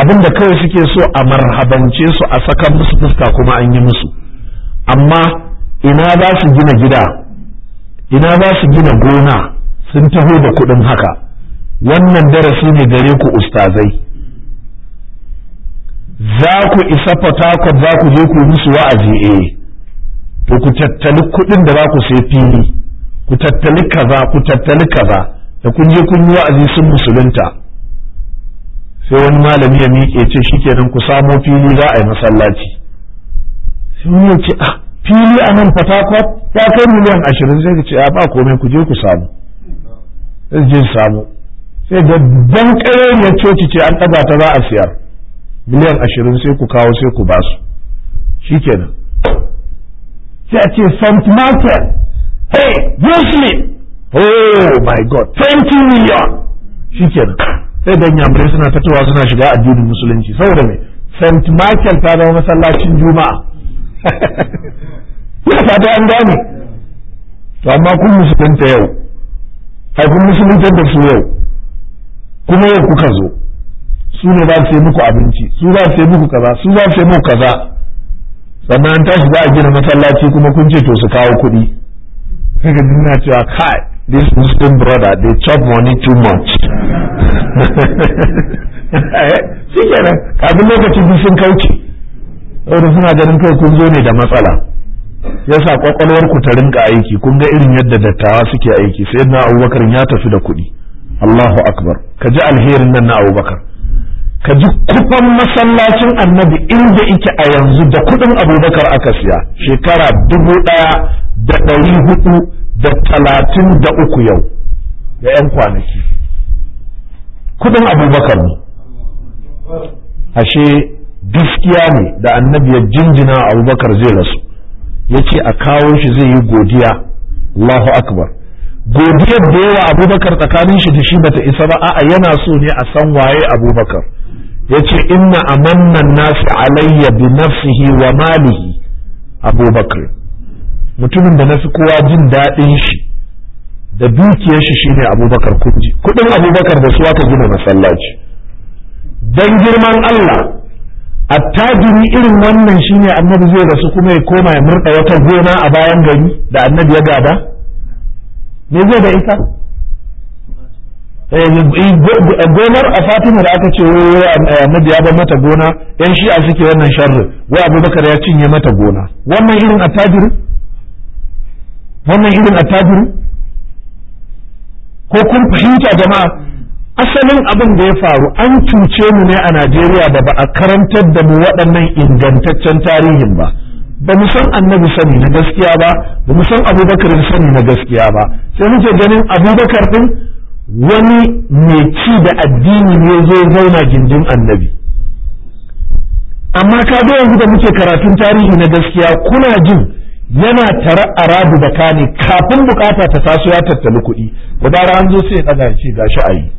abin da kawai suke so a marhabance su a saka musu fuska kuma an yi musu amma ina za su gina gida ina za su gina gona sun taho da kuɗin haka wannan darasi ne gare ku ustazai za ku isa fatakon za ku je ku musu wa'azi eh to ku tattali kuɗin da za ku sai fili ku tattali kaza ku tattali kaza da kun je kun yi wa'azi sun musulunta sai wani malami ya miƙe ce shikenan ku samo fili za a yi masallaci sai wani ya ce a ah, fili a nan fatakwat ya kai miliyan ashirin sai ka ce a ah, ba komai ku je ku samu sai je samu sai da ban ƙayyar coci ce an ɗaga ta za a siyar miliyan ashirin sai ku kawo sai ku basu shikenan sai ce St. Martin hey Muslim oh my god 20 million shi sai don yamre suna fitowa suna shiga addinin musulunci saboda mai St. Michael ta zama masallacin juma'a ya fata an gane to amma kun musulunta yau ai kun musulunta da su yau kuma yau kuka zo su ne za su yi muku abinci su za su yi muku kaza su za su yi muku kaza sannan an tashi za a gina masallaci kuma kun ce to su kawo kuɗi kaga dina cewa kai this muslim brother they chop money too much eh, shi kenan kafin lokacin duk sun kauce saboda suna ganin kai kun zo ne da matsala yasa kwakwalwar ku ta rinka aiki kun ga irin yadda dattawa suke aiki sai na abubakar ya tafi da kuɗi Allahu akbar ka ji alherin nan na abubakar ka ji kufan masallacin annabi inda ike a yanzu da kuɗin abubakar aka siya shekara dubu ɗaya da ɗari hudu da talatin da uku yau da 'yan kwanaki Kuɗin abubakar ne ashe gaskiya ne da annabi ya jinjina abubakar zai rasu ya ce a kawo shi zai yi godiya Allahu akbar godiyar da yawa abubakar tsakanin shi da shi bata isa ba a'a yana so ne a san waye abubakar yace inna amanna nasu alayya bi nafsihi wa malihi abubakar mutumin da nafi kowa jin daɗin shi da dukiyar shi shine abubakar kunji kudin abubakar da su aka gina masallaci dan girman Allah attajiri irin wannan shine annabi zai rasu kuma ya koma ya murda wata gona a bayan gari da annabi ya gada me zai da ita Eh, eh, gonar a fatima da aka ce eh, annabi ya ba mata gona yan a suke wannan sharri wa abubakar ya cinye mata gona wannan irin a wannan irin ko kun fahimta jama'a asalin abin da ya faru an cuce mu ne a najeriya da ba a karantar da mu waɗannan ingantaccen tarihin ba ba mu san annabi sani na gaskiya ba ba mu san abubakar sani na gaskiya ba sai muke ganin abubakar din wani mai ci da addini ne zo zauna gindin annabi amma ka ga yanzu da muke karatun tarihi na gaskiya kuna jin yana tare a da kane kafin bukata ta taso ya tattali kuɗi gudara an zo sai ya ce ga shi ayi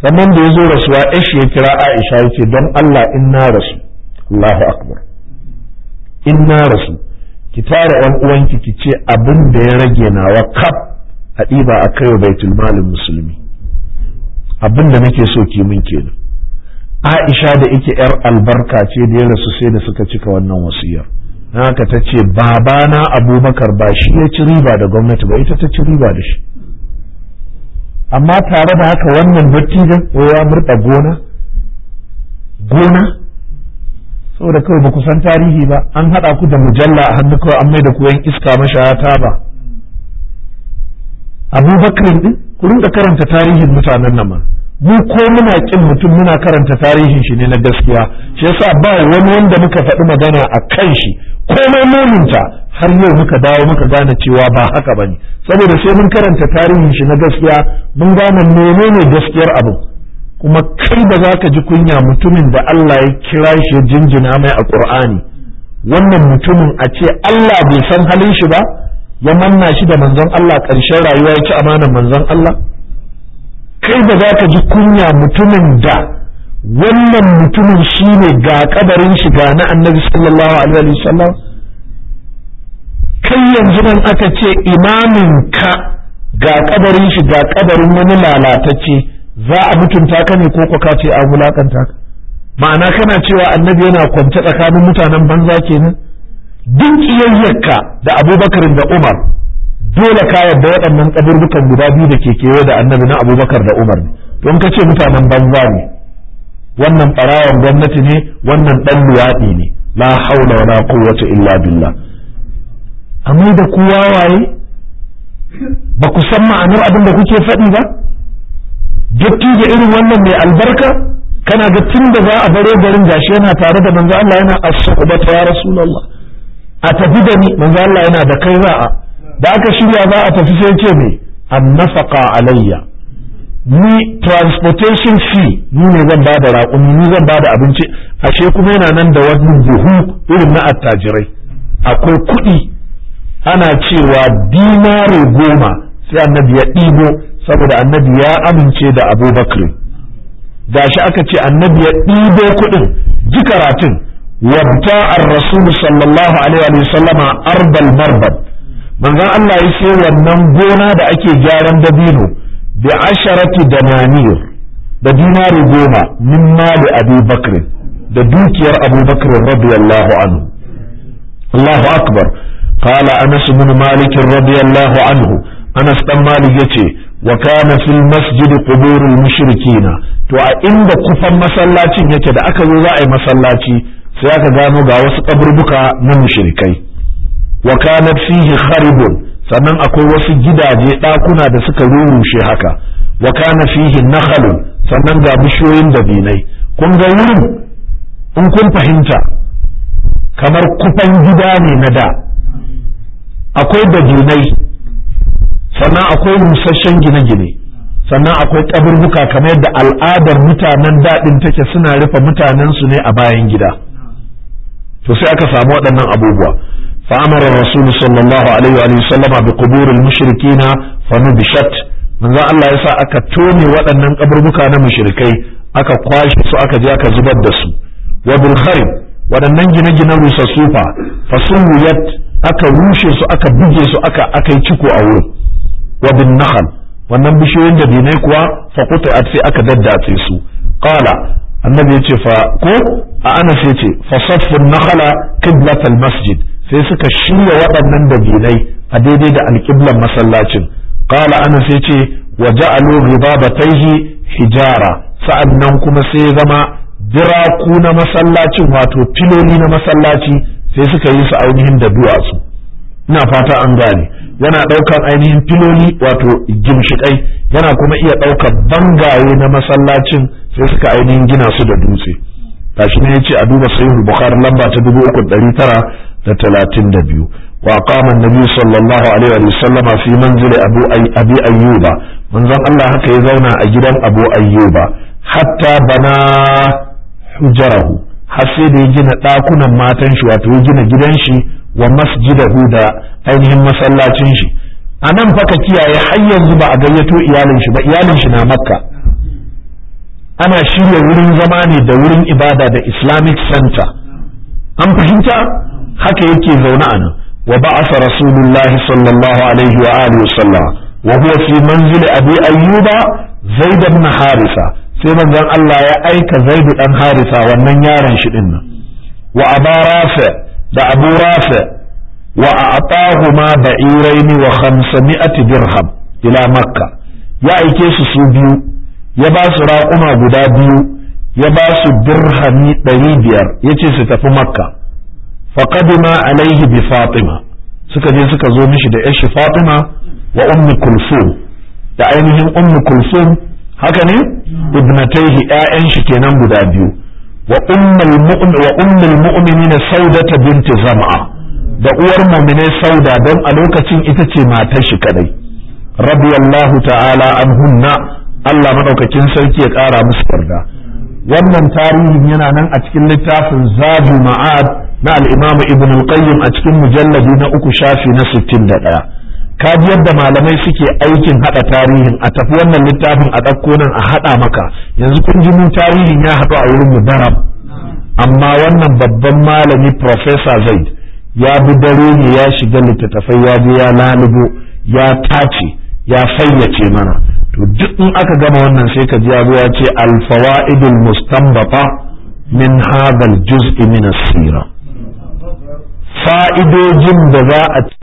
sannan da ya zo rasuwa ishi ya kira aisha ya ce don allah in rasu allahu akbar in rasu ki tara yan uwanki ki ce abin da ya rage nawa kaf a ɗiba a kai baitul malin musulmi Abinda da nake so ki min kenan aisha da ike yar albarka ce da ya rasu sai da suka cika wannan wasiyar haka ta ce babana abubakar ba shi ya ci riba da gwamnati ba ita ta ci riba da shi amma tare da haka wannan dattijan ya murɗa gona gona saboda kawai ba ku san tarihi ba an haɗa ku da mujalla a hannu kawai an mai da ku yan iska mashaya ta ba abubakar din ku rinka karanta tarihin mutanen nan ma mu ko muna kin mutum muna karanta tarihin shi ne na gaskiya shi yasa ba wani wanda muka faɗi magana a kan shi komai muminta har yau muka dawo muka gane cewa ba haka bane saboda sai mun karanta tarihin shi na gaskiya mun gane menene gaskiyar abu kuma kai ba za ka ji kunya mutumin da Allah ya kira shi jinjina mai a Qur'ani wannan mutumin a ce Allah bai san halin shi ba ya manna shi da manzon Allah ƙarshen rayuwa ya ci amanar manzon Allah kai ba za ka ji kunya mutumin da wannan mutumin shi ne ga kabarin shi ga na annabi sallallahu alaihi wasallam kai yanzu nan aka ce imamin ka ga kabarin shi ga kabarin wani lalatacce za a mutunta ka ne ko ka ce a wulakanta ka ma'ana kana cewa annabi yana kwance tsakanin mutanen banza kenan duk kiyayyarka da abubakar da umar dole ka yarda waɗannan kaburbukan guda biyu da ke kewaye da annabi na abubakar da umar don ka ce mutanen banza ne wannan ɓarawan gwamnati ne wannan ɗan luwaɗi ne la haula wala quwwata illa billah amma da ku wawaye ba ku san ma'anar abin da kuke faɗi ba dattijo irin wannan mai albarka kana ga tun da za a baro garin gashi yana tare da manzo Allah yana as-suhbata ya rasulullah a tafi da ni manzo Allah yana da kai za'a da aka shirya za a tafi sai ce me an nafaqa alayya ni transportation fee ni ne zan bada raƙumi ni zan bada abinci ashe kuma yana nan da wani buhu irin na attajirai akwai kuɗi ana cewa dinare goma sai annabi ya ɗibo saboda annabi ya amince da abubakar gashi aka ce annabi ya ɗibo kuɗin ji karatun wabta ar-rasul sallallahu alaihi wa sallama arbal barbad manzon Allah ya ce wannan gona da ake gyaran dabino bi asharati dananiyar da dinari goma min mali Abu Bakr da dukiyar Abu Bakr radiyallahu anhu Allahu akbar qala Anas malikin Malik radiyallahu anhu Anas yace wa kana fil masjid quburul mushrikina to a inda kufan masallacin yake da aka zo za a yi masallaci sai aka gano ga wasu kaburbuka na mushrikai wa kanat fihi kharibun sannan akwai wasu gidaje ɗakuna da suka rurushe haka wa kana fihi nakhalun sannan ga bishiyoyin dabinai kun ga wurin in kun fahimta kamar kufan gida ne na da akwai da dabinai sannan akwai rusasshen gine-gine sannan akwai kaburbuka kamar yadda al'adar mutanen daɗin take suna rufe mutanensu ne a bayan gida to sai aka samu waɗannan abubuwa fa amara rasul sallallahu alaihi wa sallama bi quburil mushrikina fa nubshat manzo Allah ya sa aka tone waɗannan kaburbuka na mushrikai aka kwashe su aka je aka zubar da su wa bil kharib waɗannan gine-ginen rusassu fa fasuwiyat aka rushe su aka buge su aka aka yi ciko a wurin wa bin nahal wannan bishiyoyin da dinai kuwa fa qut'at sai aka daddatse su qala annabi ya ce fa ko a ana sai ce fa saffun nakhala qiblat masjid sai suka shirya waɗannan dabilai a daidai da alƙiblan masallacin qala ana sai ce wa ja'alu ribabatayhi hijara sa'annan kuma sai zama biraku na masallacin wato filoli na masallaci sai suka yi su ainihin da duwatsu ina fata an gane yana ɗaukar ainihin filoli wato gimshiƙai yana kuma iya ɗaukar bangaye na masallacin sai suka ainihin gina su da dutse gashi ne yace a duba sahihul bukhari lamba ta 3932 wa qama an-nabi sallallahu alaihi wa sallam fi manzili abu abi ayyuba manzon Allah haka ya zauna a gidan abu ayyuba hatta bana hujarahu har sai da ya gina dakunan matan shi wato ya gina gidan shi wa masjidahu da ainihin masallacin shi a nan kiyaye har yanzu ba a gayyato iyalin shi ba iyalin shi na makka ana shirya wurin zama ne da wurin ibada da islamic center an fahimta haka yake zaune a nan wa ba'asa rasulullahi sallallahu alaihi wa alihi wasallam wa huwa fi manzili abi ayyuba zaid ibn harisa sai manzon Allah ya aika zaid dan harisa wannan yaron shi din nan wa da abu rafi wa a'tahuma ba'iraini wa 500 dirham ila makka ya aike su su biyu ya ba su raƙuma guda biyu ya ba su dirhami ɗari biyar ya ce su tafi makka faƙadima alaihi bi fatima suka je suka zo mishi da yashi fatima wa ummi kulsum da ainihin ummi kulsum haka ne ibnataihi ƴaƴan shi kenan guda biyu wa ummul mu'min wa ummul mu'minina saudata binti zam'a da uwar maminai sauda don a lokacin ita ce matar shi kadai radiyallahu ta'ala anhunna Allah maɗaukakin sarki ya ƙara musu farda wannan tarihin yana nan a cikin littafin zabu Ma'ad na al-Imam Ibn al-Qayyim a cikin mujalladi na uku shafi na 61 kaji yadda malamai suke aikin hada tarihin a tafi wannan littafin a ɗauko nan a hada maka yanzu kun ji mu tarihin ya haɗu a wurin mu amma wannan babban malami professor zaid ya bi dare ne ya shiga littattafai ya je ya lalubo ya tace ya fayyace mana to duk in aka gama wannan sai ka ji abuwa ce alfawaidul mustanbata min hadal juz'i min as-sira fa'idojin da za a